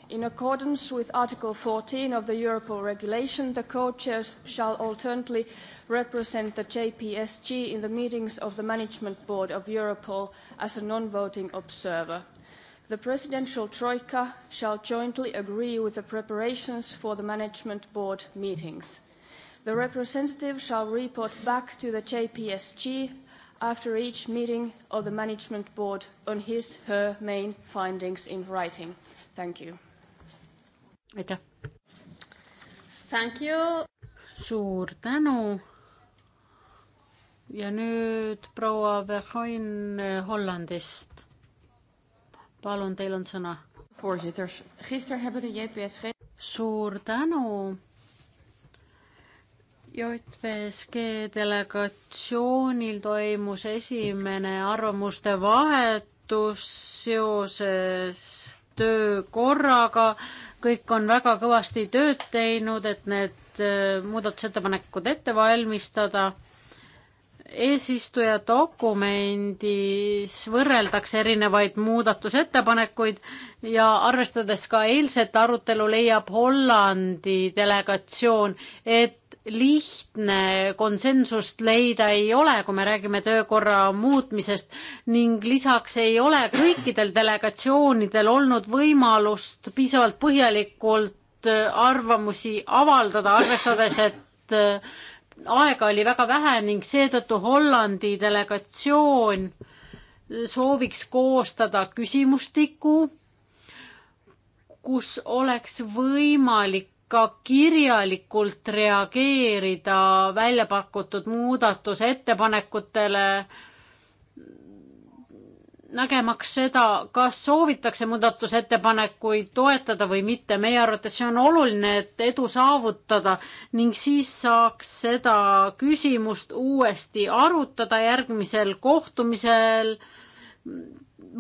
In accordance with Article 14 of the Europol regulation, the co-chairs shall alternately represent the JPSG in the meetings of the Management Board of Europol as a non-voting observer the presidential troika shall jointly agree with the preparations for the management board meetings. The representative shall report back to the JPSG after each meeting of the management board on his/her main findings in writing. Thank you. aitäh! Thank you! suur tänu! ja nüüd proua Verhoin Hollandist palun, teil on sõna. suur tänu. JPSG delegatsioonil toimus esimene arvamuste vahetus seoses töökorraga. kõik on väga kõvasti tööd teinud, et need äh, muudatusettepanekud ette valmistada eesistuja dokumendis võrreldakse erinevaid muudatusettepanekuid ja arvestades ka eilset arutelu, leiab Hollandi delegatsioon, et lihtne konsensust leida ei ole, kui me räägime töökorra muutmisest ning lisaks ei ole kõikidel delegatsioonidel olnud võimalust piisavalt põhjalikult arvamusi avaldada, arvestades, et aega oli väga vähe ning seetõttu Hollandi delegatsioon sooviks koostada küsimustiku, kus oleks võimalik ka kirjalikult reageerida välja pakutud muudatusettepanekutele nägemaks seda, kas soovitakse muudatusettepanekuid toetada või mitte. meie arvates see on oluline, et edu saavutada ning siis saaks seda küsimust uuesti arutada järgmisel kohtumisel,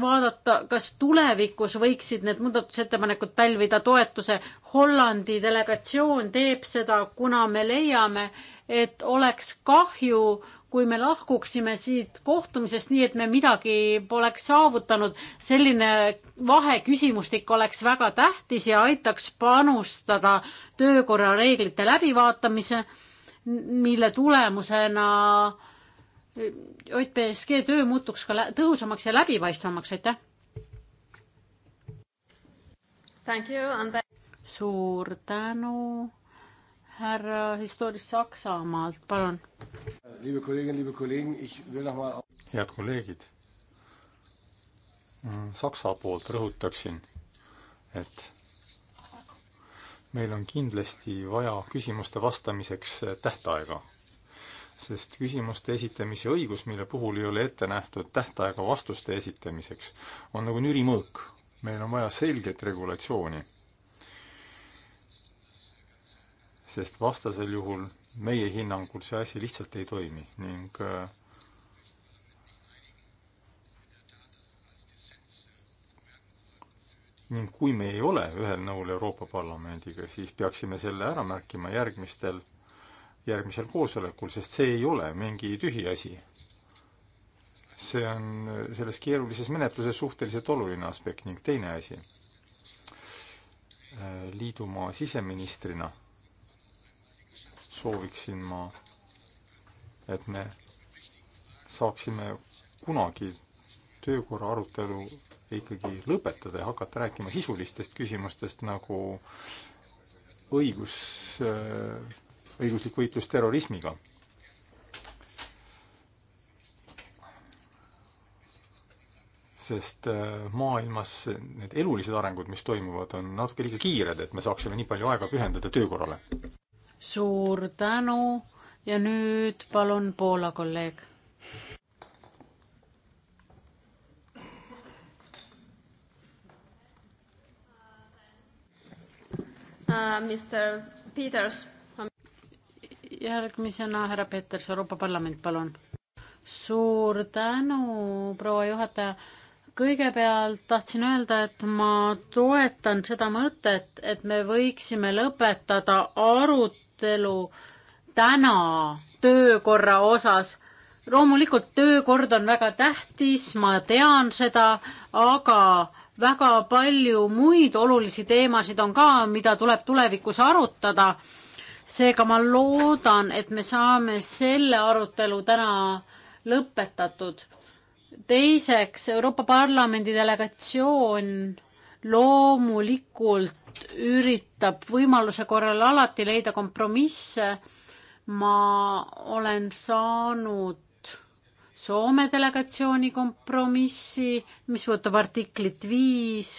vaadata, kas tulevikus võiksid need muudatusettepanekud pälvida toetuse. Hollandi delegatsioon teeb seda, kuna me leiame, et oleks kahju, kui me lahkuksime siit kohtumisest nii, et me midagi poleks saavutanud, selline vaheküsimustik oleks väga tähtis ja aitaks panustada töökorra reeglite läbivaatamise, mille tulemusena JPSG töö muutuks ka tõhusamaks ja läbipaistvamaks, aitäh! suur tänu härra Historis Saksamaalt, palun. head kolleegid, mm, Saksa poolt rõhutaksin, et meil on kindlasti vaja küsimuste vastamiseks eh, tähtaega, sest küsimuste esitamise õigus, mille puhul ei ole ette nähtud tähtaega vastuste esitamiseks, on nagu nüri mõõk. meil on vaja selget regulatsiooni sest vastasel juhul meie hinnangul see asi lihtsalt ei toimi ning äh, ning kui me ei ole ühel nõul Euroopa Parlamendiga, siis peaksime selle ära märkima järgmistel, järgmisel koosolekul, sest see ei ole mingi tühi asi. see on selles keerulises menetluses suhteliselt oluline aspekt ning teine asi, äh, liidumaa siseministrina sooviksin ma, et me saaksime kunagi töökorra arutelu ikkagi lõpetada ja hakata rääkima sisulistest küsimustest nagu õigus, õiguslik võitlus terrorismiga. sest äh, maailmas need elulised arengud, mis toimuvad, on natuke liiga kiired, et me saaksime nii palju aega pühendada töökorrale suur tänu ja nüüd palun Poola kolleeg. Uh, Mr Peters. järgmisena härra Peters, Euroopa Parlament, palun. suur tänu, proua juhataja. kõigepealt tahtsin öelda, et ma toetan seda mõtet, et me võiksime lõpetada arut-, arutelu täna töökorra osas. loomulikult töökord on väga tähtis, ma tean seda, aga väga palju muid olulisi teemasid on ka, mida tuleb tulevikus arutada. seega ma loodan, et me saame selle arutelu täna lõpetatud. teiseks, Euroopa Parlamendi delegatsioon loomulikult üritab võimaluse korral alati leida kompromisse. ma olen saanud Soome delegatsiooni kompromissi, mis puudutab artiklit viis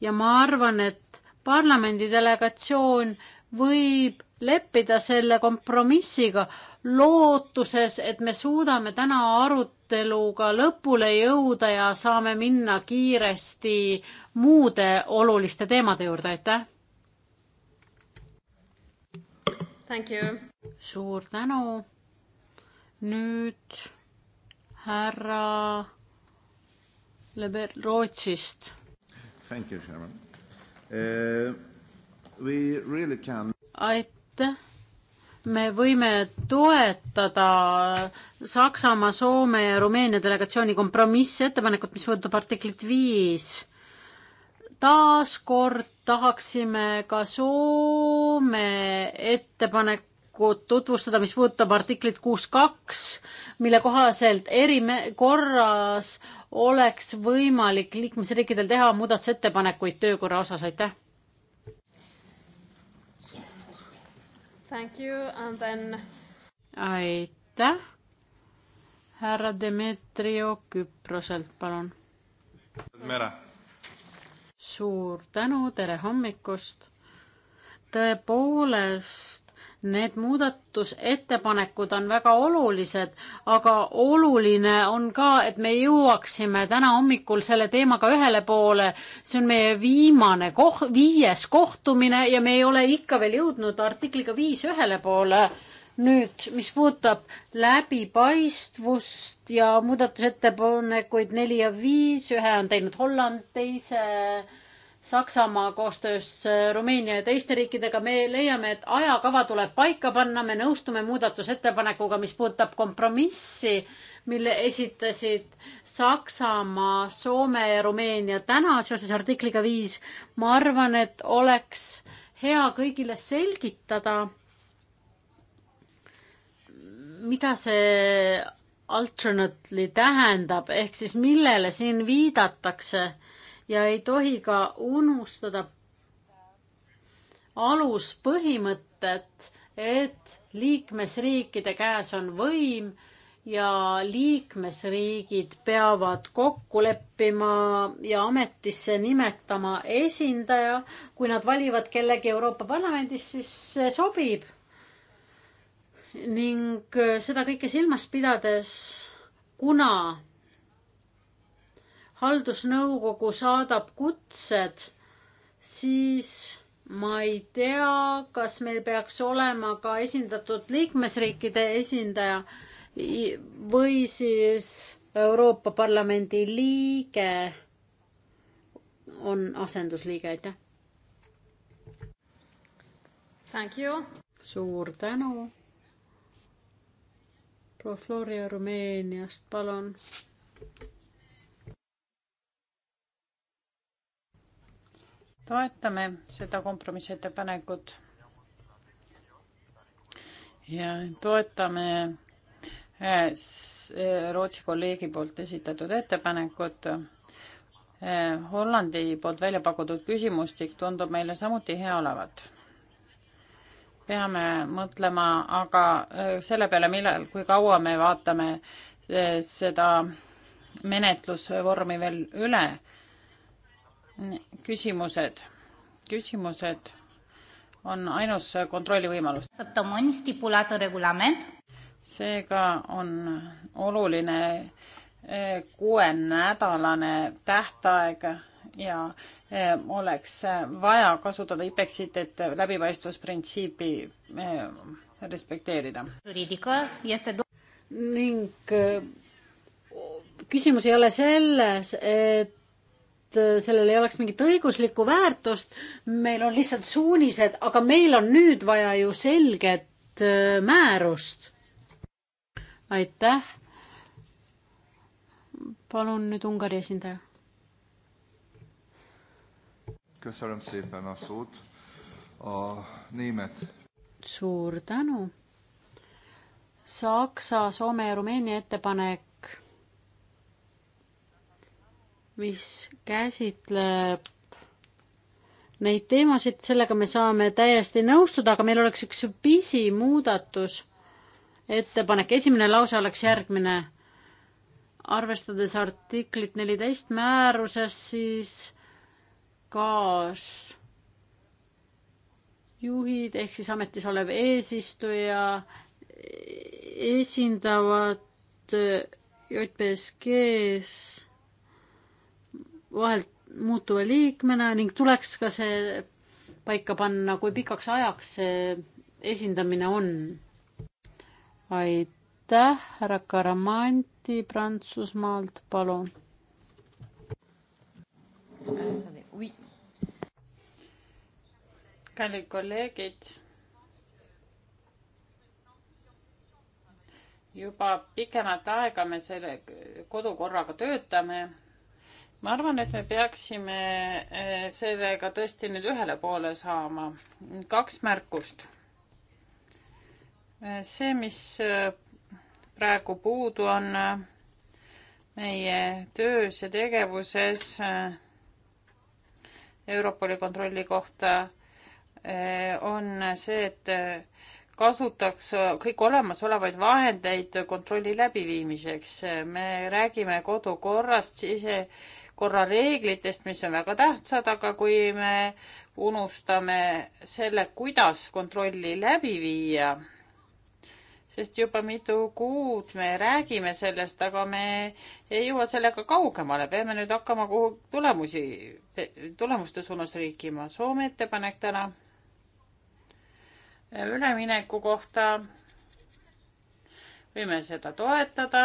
ja ma arvan, et parlamendi delegatsioon võib leppida selle kompromissiga lootuses, et me suudame täna arut-, aruteluga lõpule jõuda ja saame minna kiiresti muude oluliste teemade juurde, aitäh! suur tänu! nüüd härra Leber Rootsist. Uh, really can... aitäh! me võime toetada Saksamaa, Soome ja Rumeenia delegatsiooni kompromissettepanekut, mis puudutab artiklit viis. taaskord tahaksime ka Soome ettepanekut tutvustada, mis puudutab artiklit kuus kaks, mille kohaselt erikorras oleks võimalik liikmesriikidel teha muudatusettepanekuid töökorra osas, aitäh Thank you and then. aitäh. härra Demetrio Küproselt, palun. suur tänu, tere hommikust. tõepoolest Need muudatusettepanekud on väga olulised, aga oluline on ka, et me jõuaksime täna hommikul selle teemaga ühele poole. see on meie viimane koh-, viies kohtumine ja me ei ole ikka veel jõudnud artikliga viis ühele poole nüüd, mis puudutab läbipaistvust ja muudatusettepanekuid neli ja viis, ühe on teinud Holland, teise Saksamaa koostöös äh, Rumeenia ja teiste riikidega, me leiame, et ajakava tuleb paika panna, me nõustume muudatusettepanekuga, mis puudutab kompromissi, mille esitasid Saksamaa, Soome ja Rumeenia täna seoses artikliga viis. ma arvan, et oleks hea kõigile selgitada, mida see alternately tähendab, ehk siis millele siin viidatakse ja ei tohi ka unustada aluspõhimõtet, et liikmesriikide käes on võim ja liikmesriigid peavad kokku leppima ja ametisse nimetama esindaja. kui nad valivad kellegi Euroopa Parlamendis, siis see sobib. ning seda kõike silmas pidades, kuna haldusnõukogu saadab kutsed, siis ma ei tea, kas meil peaks olema ka esindatud liikmesriikide esindaja või siis Euroopa Parlamendi liige on asendusliige, aitäh. Thank you. suur tänu. Profloria Rumeeniast, palun. toetame seda kompromissettepanekut ja toetame äh, äh, Rootsi kolleegi poolt esitatud ettepanekut. Äh, Hollandi poolt välja pakutud küsimustik tundub meile samuti hea olevat. peame mõtlema aga selle peale, millal, kui kaua me vaatame seda menetlusvormi veel üle küsimused, küsimused on ainus kontrollivõimalus. seega on oluline eh, kuuenädalane tähtaeg ja eh, oleks vaja kasutada IPEX-it, et läbipaistvusprintsiipi eh, respekteerida. ning küsimus ei ole selles, et Äh, sellel ei oleks mingit õiguslikku väärtust, meil on lihtsalt suunised, aga meil on nüüd vaja ju selget äh, määrust. aitäh. palun nüüd Ungari esindaja. köszönöm szépen a szót, a német. suur tänu. Saksa, Soome ja Rumeenia ettepanek mis käsitleb neid teemasid, sellega me saame täiesti nõustuda, aga meil oleks üks pisimuudatus, ettepanek, esimene lause oleks järgmine. arvestades artiklit neliteist määruses, siis kaasjuhid ehk siis ametis olev eesistuja esindavad JPSG-s vahelt muutuva liikmena ning tuleks ka see paika panna, kui pikaks ajaks see esindamine on. aitäh, härra Karamanti Prantsusmaalt, palun. kallid kolleegid. juba pikemat aega me selle kodukorraga töötame ma arvan, et me peaksime eh, sellega tõesti nüüd ühele poole saama. kaks märkust. Eh, see, mis eh, praegu puudu on meie töös ja tegevuses Europoli kontrolli kohta, on see, et kasutaks kõik olemasolevaid vahendeid kontrolli läbiviimiseks. me räägime kodukorrast, sise korrareeglitest, mis on väga tähtsad, aga kui me unustame selle, kuidas kontrolli läbi viia, sest juba mitu kuud me räägime sellest, aga me ei jõua sellega kaugemale, peame nüüd hakkama kuhu tulemusi, tulemuste suunas riikima. Soome ettepanek täna ülemineku kohta. võime seda toetada.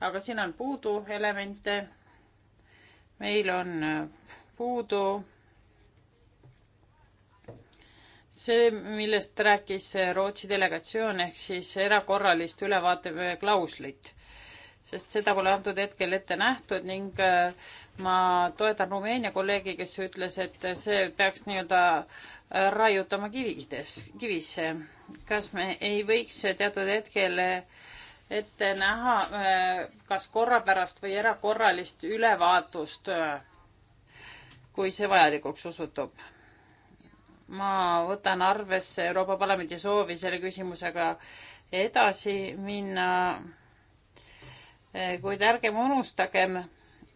aga siin on puudu elemente meil on äh, puudu see, millest rääkis äh, Rootsi delegatsioon ehk siis erakorralist ülevaateklauslit, sest seda pole antud hetkel ette nähtud ning äh, ma toetan Rumeenia kolleegi, kes ütles, et see peaks nii-öelda raiutama kivides, kivisse. kas me ei võiks teatud hetkel äh, ette näha äh, kas korrapärast või erakorralist ülevaatust, äh, kui see vajalikuks osutub. ma võtan arvesse Euroopa Parlamendi soovi selle küsimusega edasi minna. Äh, kuid ärgem unustagem,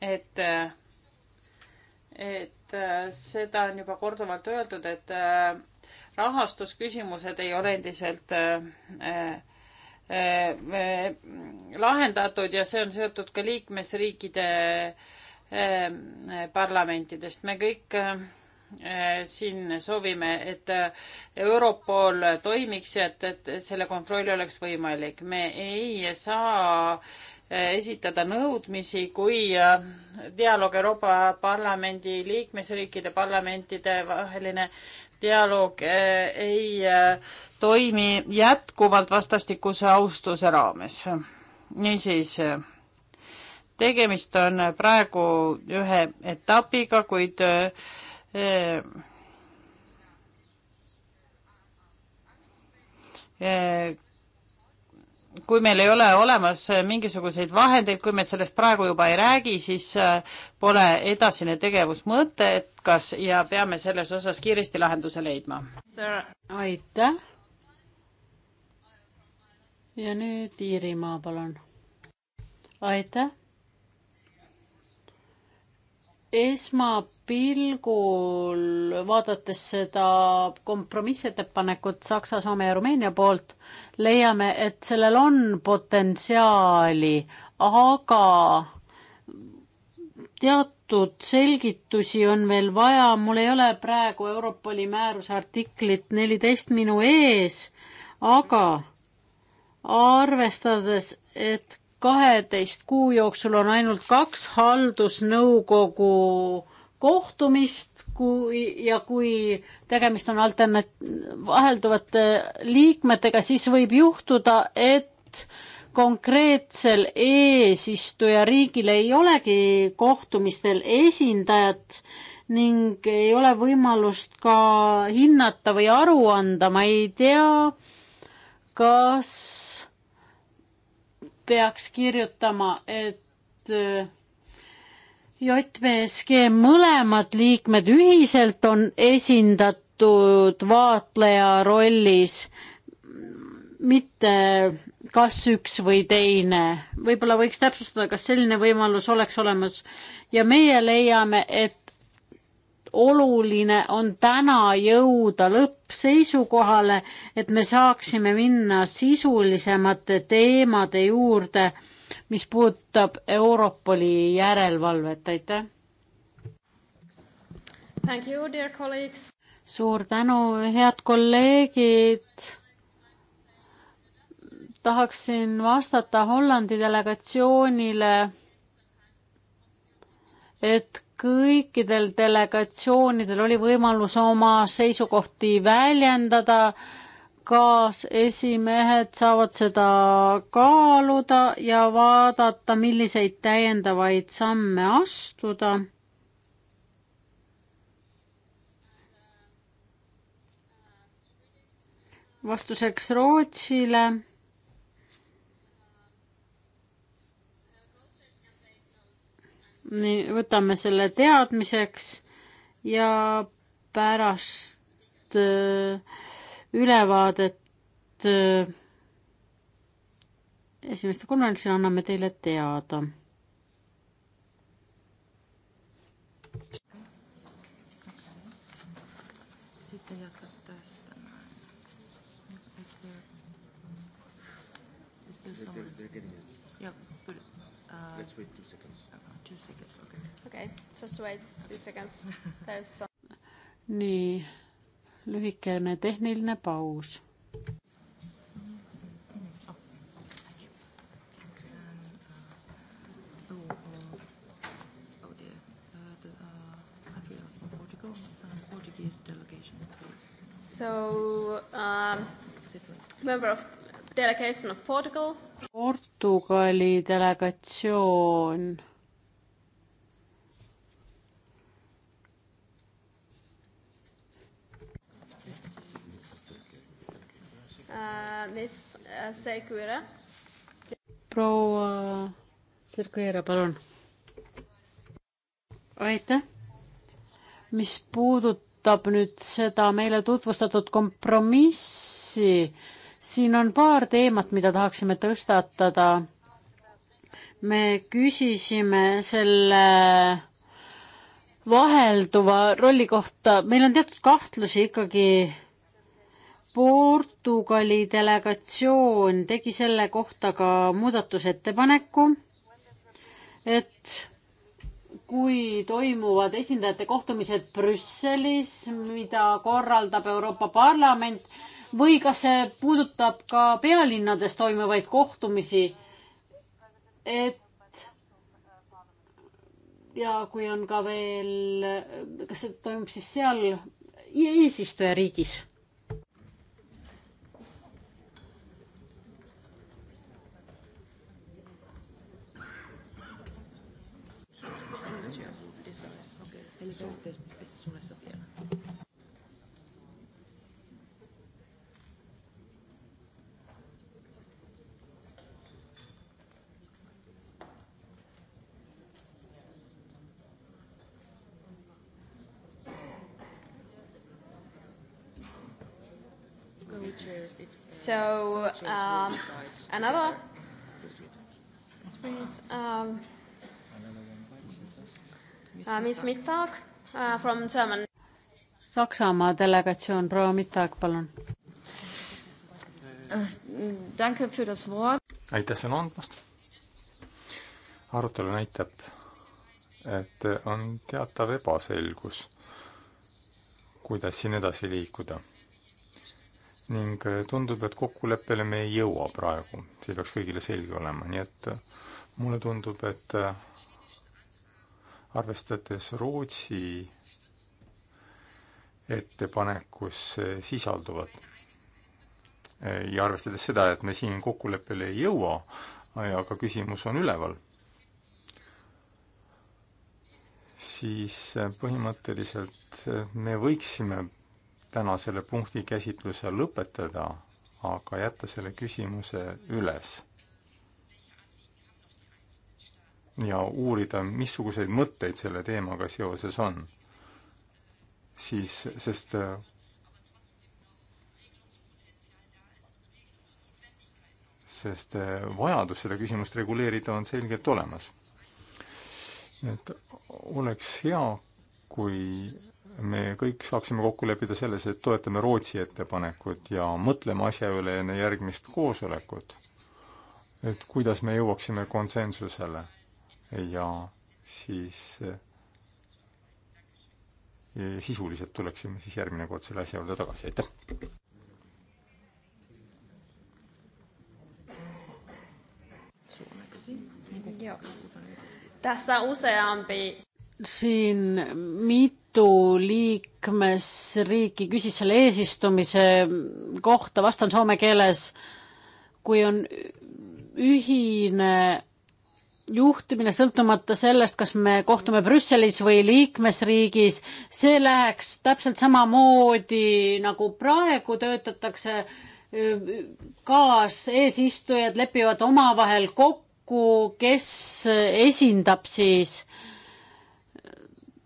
et, et seda on juba korduvalt öeldud, et rahastusküsimused ei ole endiselt äh, Äh, lahendatud ja see on seotud ka liikmesriikide äh, parlamentidest. me kõik äh, siin soovime, et Europol toimiks ja et, et selle kontroll oleks võimalik. me ei saa esitada nõudmisi, kui dialoog Euroopa Parlamendi liikmesriikide parlamentide vaheline dialoog eh, ei eh, toimi jätkuvalt vastastikuse austuse raames. niisiis, eh, tegemist on praegu ühe etapiga, kuid kui meil ei ole olemas äh, mingisuguseid vahendeid, kui me sellest praegu juba ei räägi, siis äh, pole edasine tegevus mõttekas ja peame selles osas kiiresti lahenduse leidma. aitäh. ja nüüd Iirimaa, palun. aitäh esmapilgul vaadates seda kompromissettepanekut Saksa, Soome ja Rumeenia poolt, leiame, et sellel on potentsiaali, aga teatud selgitusi on veel vaja, mul ei ole praegu Europoli määruse artiklit neliteist minu ees, aga arvestades, et kaheteist kuu jooksul on ainult kaks haldusnõukogu kohtumist, kui ja kui tegemist on alternat-, vahelduvate liikmetega, siis võib juhtuda, et konkreetsel eesistujariigil ei olegi kohtumistel esindajat ning ei ole võimalust ka hinnata või aru anda, ma ei tea, kas peaks kirjutama, et äh, JVSG mõlemad liikmed ühiselt on esindatud vaatleja rollis, mitte kas üks või teine. võib-olla võiks täpsustada, kas selline võimalus oleks olemas ja meie leiame, et oluline on täna jõuda lõppseisukohale, et me saaksime minna sisulisemate teemade juurde, mis puudutab Europoli järelevalvet, aitäh! suur tänu, head kolleegid! tahaksin vastata Hollandi delegatsioonile, et kõikidel delegatsioonidel oli võimalus oma seisukohti väljendada, kaasesimehed saavad seda kaaluda ja vaadata, milliseid täiendavaid samme astuda. vastuseks Rootsile võtame selle teadmiseks ja pärast äh, ülevaadet äh, esimeste konverentsil anname teile teada Just wait two seconds. There's some... nii, lühikene tehniline paus. So um, member of delegation of Portugal. Portugali delegatsioon Miss uh, Seikuira. proua Seikuira, palun. aitäh. mis puudutab nüüd seda meile tutvustatud kompromissi, siin on paar teemat, mida tahaksime tõstatada. me küsisime selle vahelduva rolli kohta, meil on teatud kahtlusi ikkagi Portugali delegatsioon tegi selle kohta ka muudatusettepaneku, et kui toimuvad esindajate kohtumised Brüsselis, mida korraldab Euroopa Parlament või kas see puudutab ka pealinnades toimuvaid kohtumisi, et ja kui on ka veel, kas see toimub siis seal eesistujariigis? So um, another experience. Um, uh, Ms. Mittag uh, from German. Saksamaa delegatsioon, proua Mittag, palun. Uh, aitäh sõna andmast. arutelu näitab, et on teatav ebaselgus, kuidas siin edasi liikuda. ning tundub, et kokkuleppele me ei jõua praegu, see peaks kõigile selge olema, nii et mulle tundub, et arvestades Rootsi ettepanekus eh, sisalduvat eh, ja arvestades seda, et me siin kokkuleppele ei jõua, eh, aga küsimus on üleval, siis põhimõtteliselt me võiksime täna selle punkti käsitluse lõpetada, aga jätta selle küsimuse üles ja uurida, missuguseid mõtteid selle teemaga seoses on. siis, sest sest äh, vajadus seda küsimust reguleerida on selgelt olemas. et oleks hea, kui me kõik saaksime kokku leppida selles, et toetame Rootsi ettepanekut ja mõtleme asja üle enne järgmist koosolekut. et kuidas me jõuaksime konsensusele ja siis e, sisuliselt tuleksime siis järgmine kord selle asja juurde tagasi, aitäh! Tässä useampi siin mitu liikmesriiki küsis selle eesistumise kohta, vastan soome keeles. kui on ühine juhtimine, sõltumata sellest, kas me kohtume Brüsselis või liikmesriigis, see läheks täpselt samamoodi nagu praegu töötatakse, kaaseesistujad lepivad omavahel kokku, kes esindab siis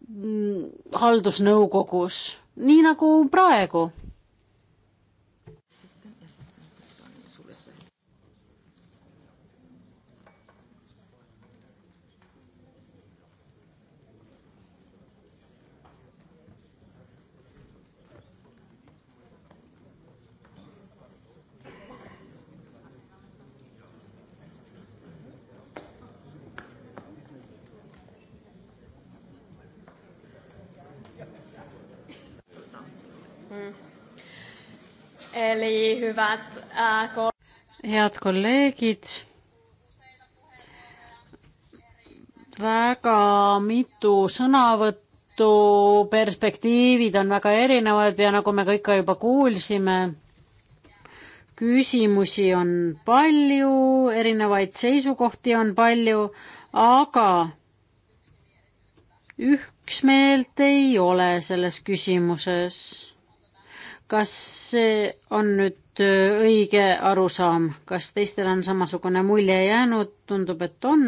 mm, haldusnõukogus, nii nagu praegu Mm. Eli hyvät äh, kol- head kolleegid, väga mitu sõnavõttu, perspektiivid on väga erinevad ja nagu me kõik ka juba kuulsime, küsimusi on palju, erinevaid seisukohti on palju, aga üksmeelt ei ole selles küsimuses kas see on nüüd äh, õige arusaam, kas teistel on samasugune mulje jäänud, tundub, et on.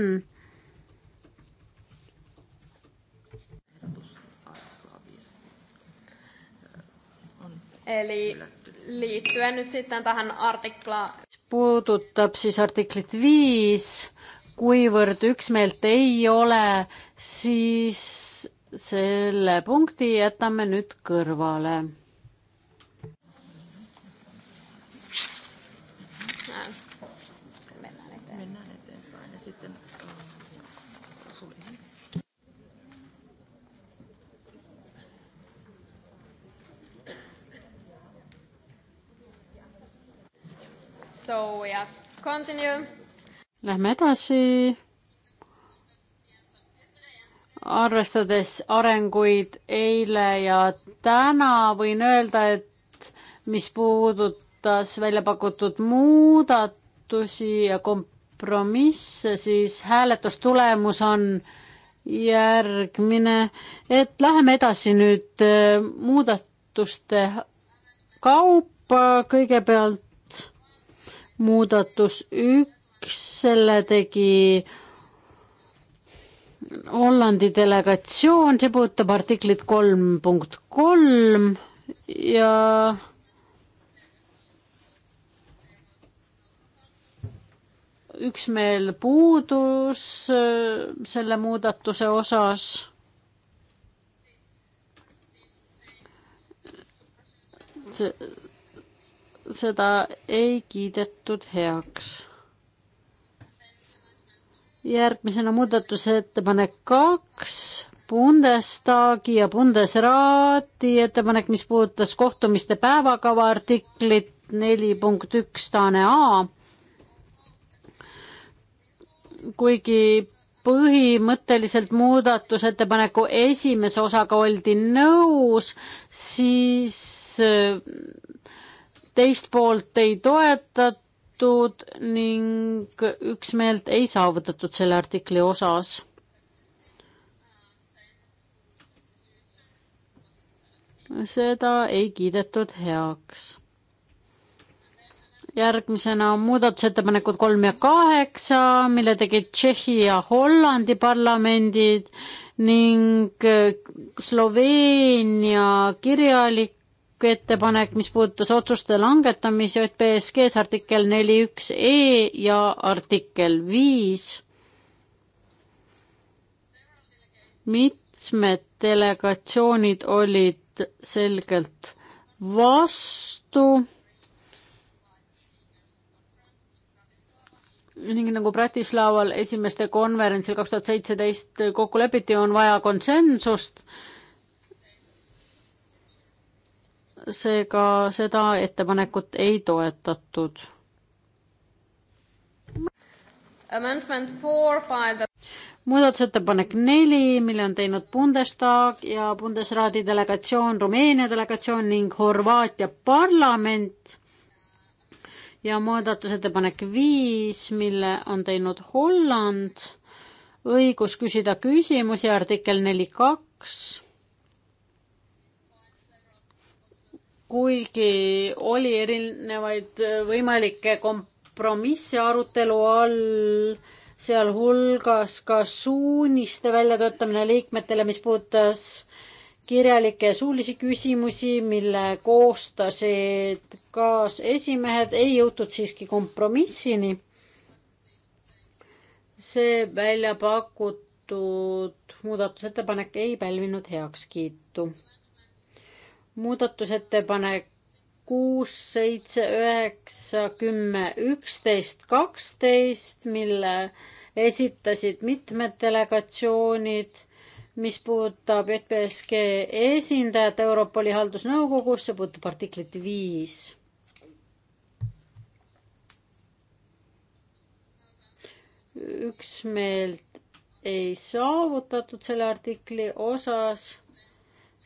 Eli liittyen nyt sitten tähän artikla... Puudutab siis artiklit viis, kuivõrd üksmeelt ei ole, siis selle punkti jätame nüüd kõrvale So yeah, continue. Lähme edasi. arvestades arenguid eile ja täna, võin öelda, et mis puudutas välja pakutud muudatusi ja kompromisse, siis hääletustulemus on järgmine, et läheme edasi nüüd eh, muudatuste kaupa, kõigepealt muudatus üks, selle tegi Hollandi delegatsioon, see puudutab artiklit kolm punkt kolm ja üksmeel puudus äh, selle muudatuse osas. see seda ei kiidetud heaks. järgmisena muudatusettepanek kaks, Bundestagi ja Bundesrati ettepanek, mis puudutas kohtumiste päevakava artiklit neli punkt üks Taane A. kuigi põhimõtteliselt muudatusettepaneku esimese osaga oldi nõus, siis teist poolt ei toetatud ning üksmeelt ei saavutatud selle artikli osas. seda ei kiidetud heaks. järgmisena muudatusettepanekud kolm ja kaheksa, mille tegid Tšehhi ja Hollandi parlamendid ning Sloveenia kirjalik ettepanek, mis puudutas otsuste langetamisi ÜPSG-s artikkel neli üks E ja artikkel viis. mitmed delegatsioonid olid selgelt vastu. ning nagu Bratislaval esimeste konverentsil kaks tuhat seitseteist kokku lepiti, on vaja konsensust seega seda ettepanekut ei toetatud. The... muudatusettepanek neli, mille on teinud Bundestag ja Bundesrati delegatsioon, Rumeenia delegatsioon ning Horvaatia parlament ja muudatusettepanek viis, mille on teinud Holland, õigus küsida küsimusi, artikkel neli kaks kuigi oli erinevaid võimalikke kompromisse arutelu all, sealhulgas ka suuniste väljatöötamine liikmetele, mis puudutas kirjalikke ja suulisi küsimusi, mille koostasid kaasesimehed, ei jõutud siiski kompromissini. see välja pakutud muudatusettepanek ei pälvinud heakskiitu muudatusettepanek kuus, seitse, üheksa, kümme, üksteist, kaksteist, mille esitasid mitmed delegatsioonid, mis puudutab EPSG esindajat Europoli haldusnõukogus, see puudutab artiklit viis. üksmeelt ei saavutatud selle artikli osas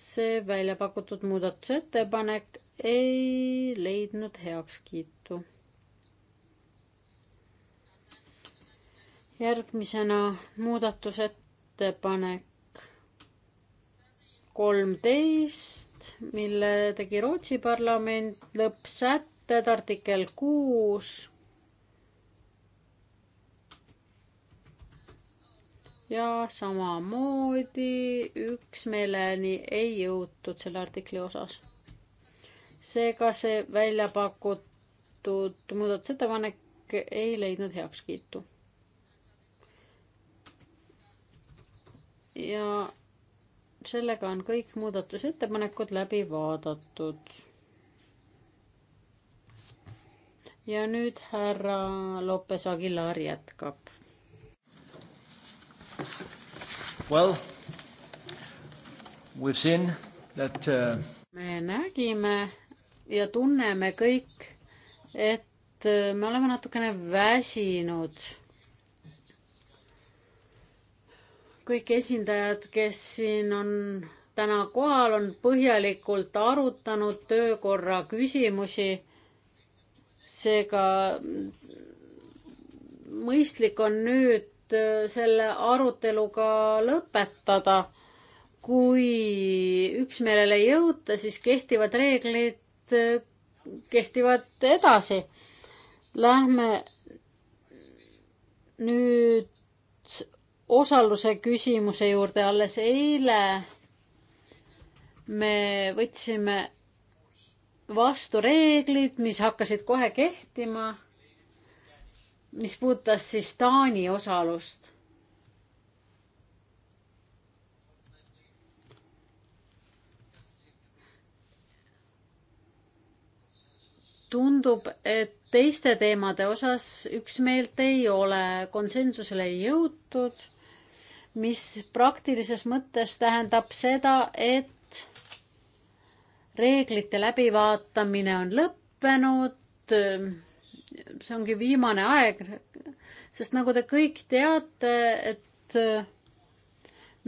see välja pakutud muudatusettepanek ei leidnud heakskiitu. järgmisena muudatusettepanek kolmteist, mille tegi Rootsi parlament, lõppsätted artikkel kuus ja samamoodi üksmeeleni ei jõutud selle artikli osas. seega see välja pakutud muudatusettepanek ei leidnud heakskiitu. ja sellega on kõik muudatusettepanekud läbi vaadatud. ja nüüd härra Lopes Aguilar jätkab Well, we've seen that uh... me nägime ja tunneme kõik, et äh, me oleme natukene väsinud. kõik esindajad, kes siin on täna kohal, on põhjalikult arutanud töökorra küsimusi. seega mm, mõistlik on nüüd Äh, selle aruteluga lõpetada. kui üksmeelele ei jõuta, siis kehtivad reeglid äh, kehtivad edasi. Lähme nüüd osaluse küsimuse juurde. alles eile me võtsime vastu reeglid, mis hakkasid kohe kehtima mis puudutas siis Taani osalust. tundub, et teiste teemade osas üksmeelt ei ole, konsensusele ei jõutud, mis praktilises mõttes tähendab seda, et reeglite läbivaatamine on lõppenud see ongi viimane aeg, sest nagu te kõik teate, et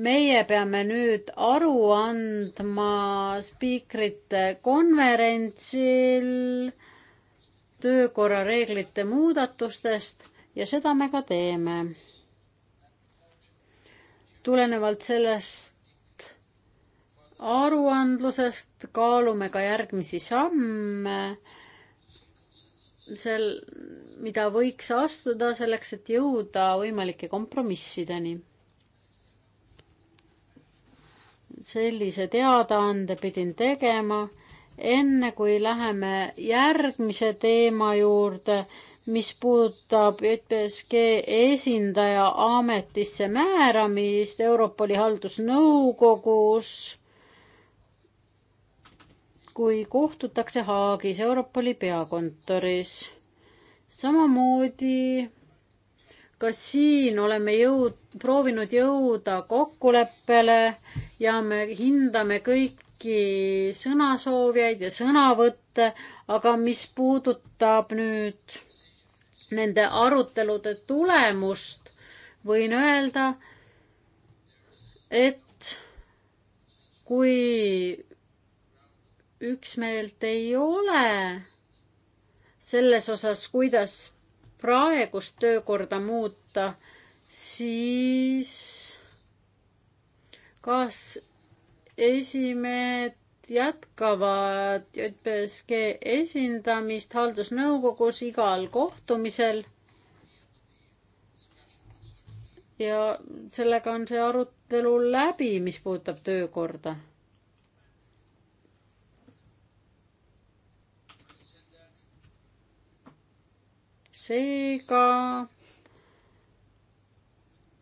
meie peame nüüd aru andma spiikrite konverentsil töökorrareeglite muudatustest ja seda me ka teeme. tulenevalt sellest aruandlusest kaalume ka järgmisi samme sel, mida võiks astuda selleks, et jõuda võimalike kompromissideni. sellise teadaande pidin tegema, enne kui läheme järgmise teema juurde, mis puudutab JPSG esindaja ametisse määramist Europoli haldusnõukogus kui kohtutakse Haagis Europoli peakontoris. samamoodi ka siin oleme jõud, proovinud jõuda kokkuleppele ja me hindame kõiki sõnasoovijaid ja sõnavõtte, aga mis puudutab nüüd nende arutelude tulemust, võin öelda, et kui üksmeelt ei ole selles osas, kuidas praegust töökorda muuta, siis kas esimehed jätkavad JPSG esindamist haldusnõukogus igal kohtumisel? ja sellega on see arutelu läbi, mis puudutab töökorda seega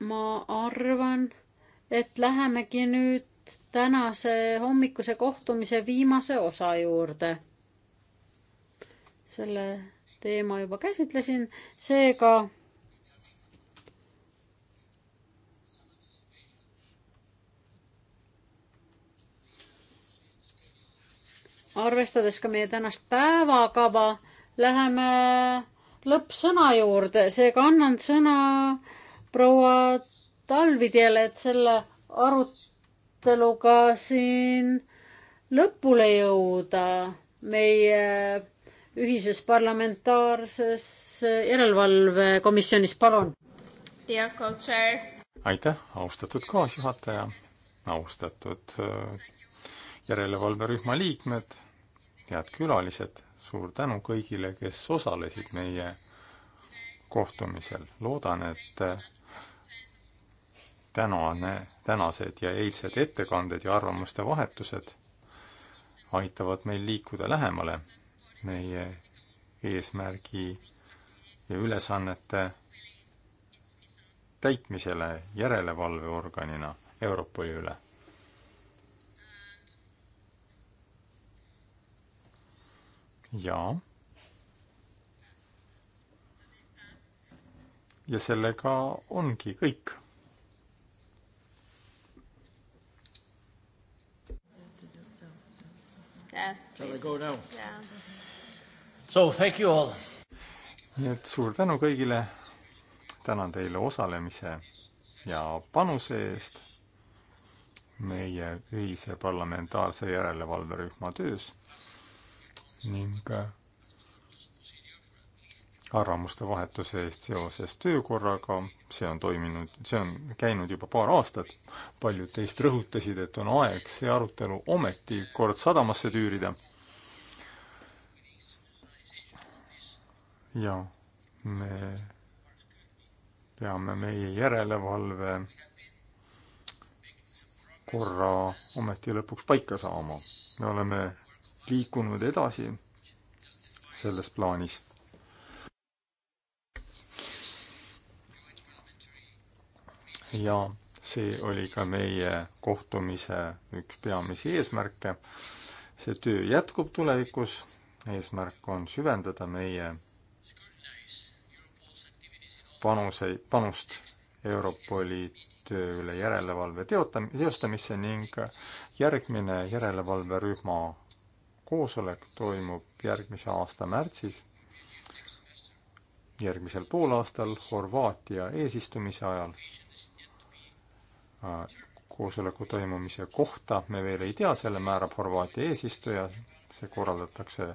ma arvan, et lähemegi nüüd tänase hommikuse kohtumise viimase osa juurde. selle teema juba käsitlesin, seega arvestades ka meie tänast päevakava, läheme lõppsõna juurde, seega annan sõna proua Talvidele, et selle aruteluga siin lõpule jõuda meie ühises parlamentaarses järelevalvekomisjonis, palun. aitäh, austatud kaasjuhataja, austatud äh, järelevalverühma liikmed, head külalised suur tänu kõigile, kes osalesid meie kohtumisel. loodan, et äh, tänane, tänased ja eilsed ettekanded ja arvamuste vahetused aitavad meil liikuda lähemale meie eesmärgi ja ülesannete täitmisele järelevalveorganina Europoli üle ja ja sellega ongi kõik. nii et suur tänu kõigile, tänan teile osalemise ja panuse eest meie ühise parlamentaarse järelevalverühma töös ning äh, arvamuste vahetuse eest seoses töökorraga, see on toiminud, see on käinud juba paar aastat, paljud teist rõhutasid, et on aeg see arutelu ometi kord sadamasse tüürida. ja me peame meie järelevalve korra ometi lõpuks paika saama. me oleme liikunud edasi selles plaanis. ja see oli ka meie kohtumise üks peamisi eesmärke. see töö jätkub tulevikus, eesmärk on süvendada meie panuseid, panust Europoli töö üle järelevalve teotam-, teostamisse ning järgmine järelevalverühma koosolek toimub järgmise aasta märtsis, järgmisel poolaastal Horvaatia eesistumise ajal. Äh, koosoleku toimumise kohta me veel ei tea, selle määrab Horvaatia eesistuja, see korraldatakse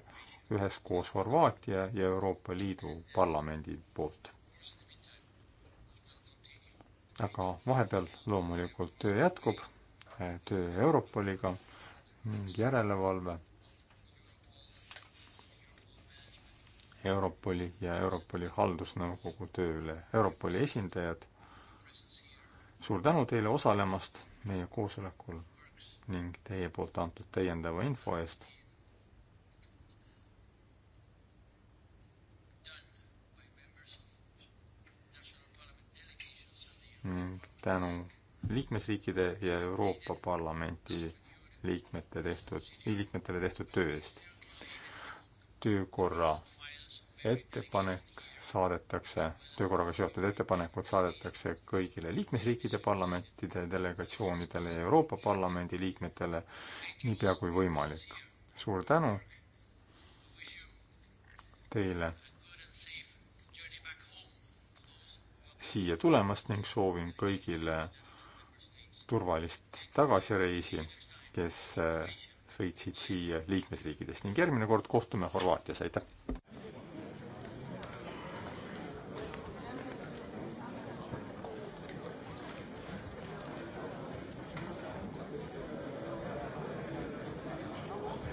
üheskoos Horvaatia ja Euroopa Liidu Parlamendi poolt. aga vahepeal loomulikult töö jätkub, äh, töö Europoliga ning järelevalve Europoli ja Europoli haldusnõukogu töö üle. Europoli esindajad, suur tänu teile osalemast meie koosolekul ning teie poolt antud täiendava info eest. ning tänu liikmesriikide ja Euroopa Parlamenti liikmete tehtud, liikmetele tehtud töö eest. töökorra ettepanek saadetakse, töökorraga seotud ettepanekud saadetakse kõigile liikmesriikide parlamentide delegatsioonidele ja Euroopa Parlamendi liikmetele niipea kui võimalik. suur tänu teile siia tulemast ning soovin kõigile turvalist tagasireisi, kes äh, sõitsid siia liikmesriikidest ning järgmine kord kohtume Horvaatias, aitäh!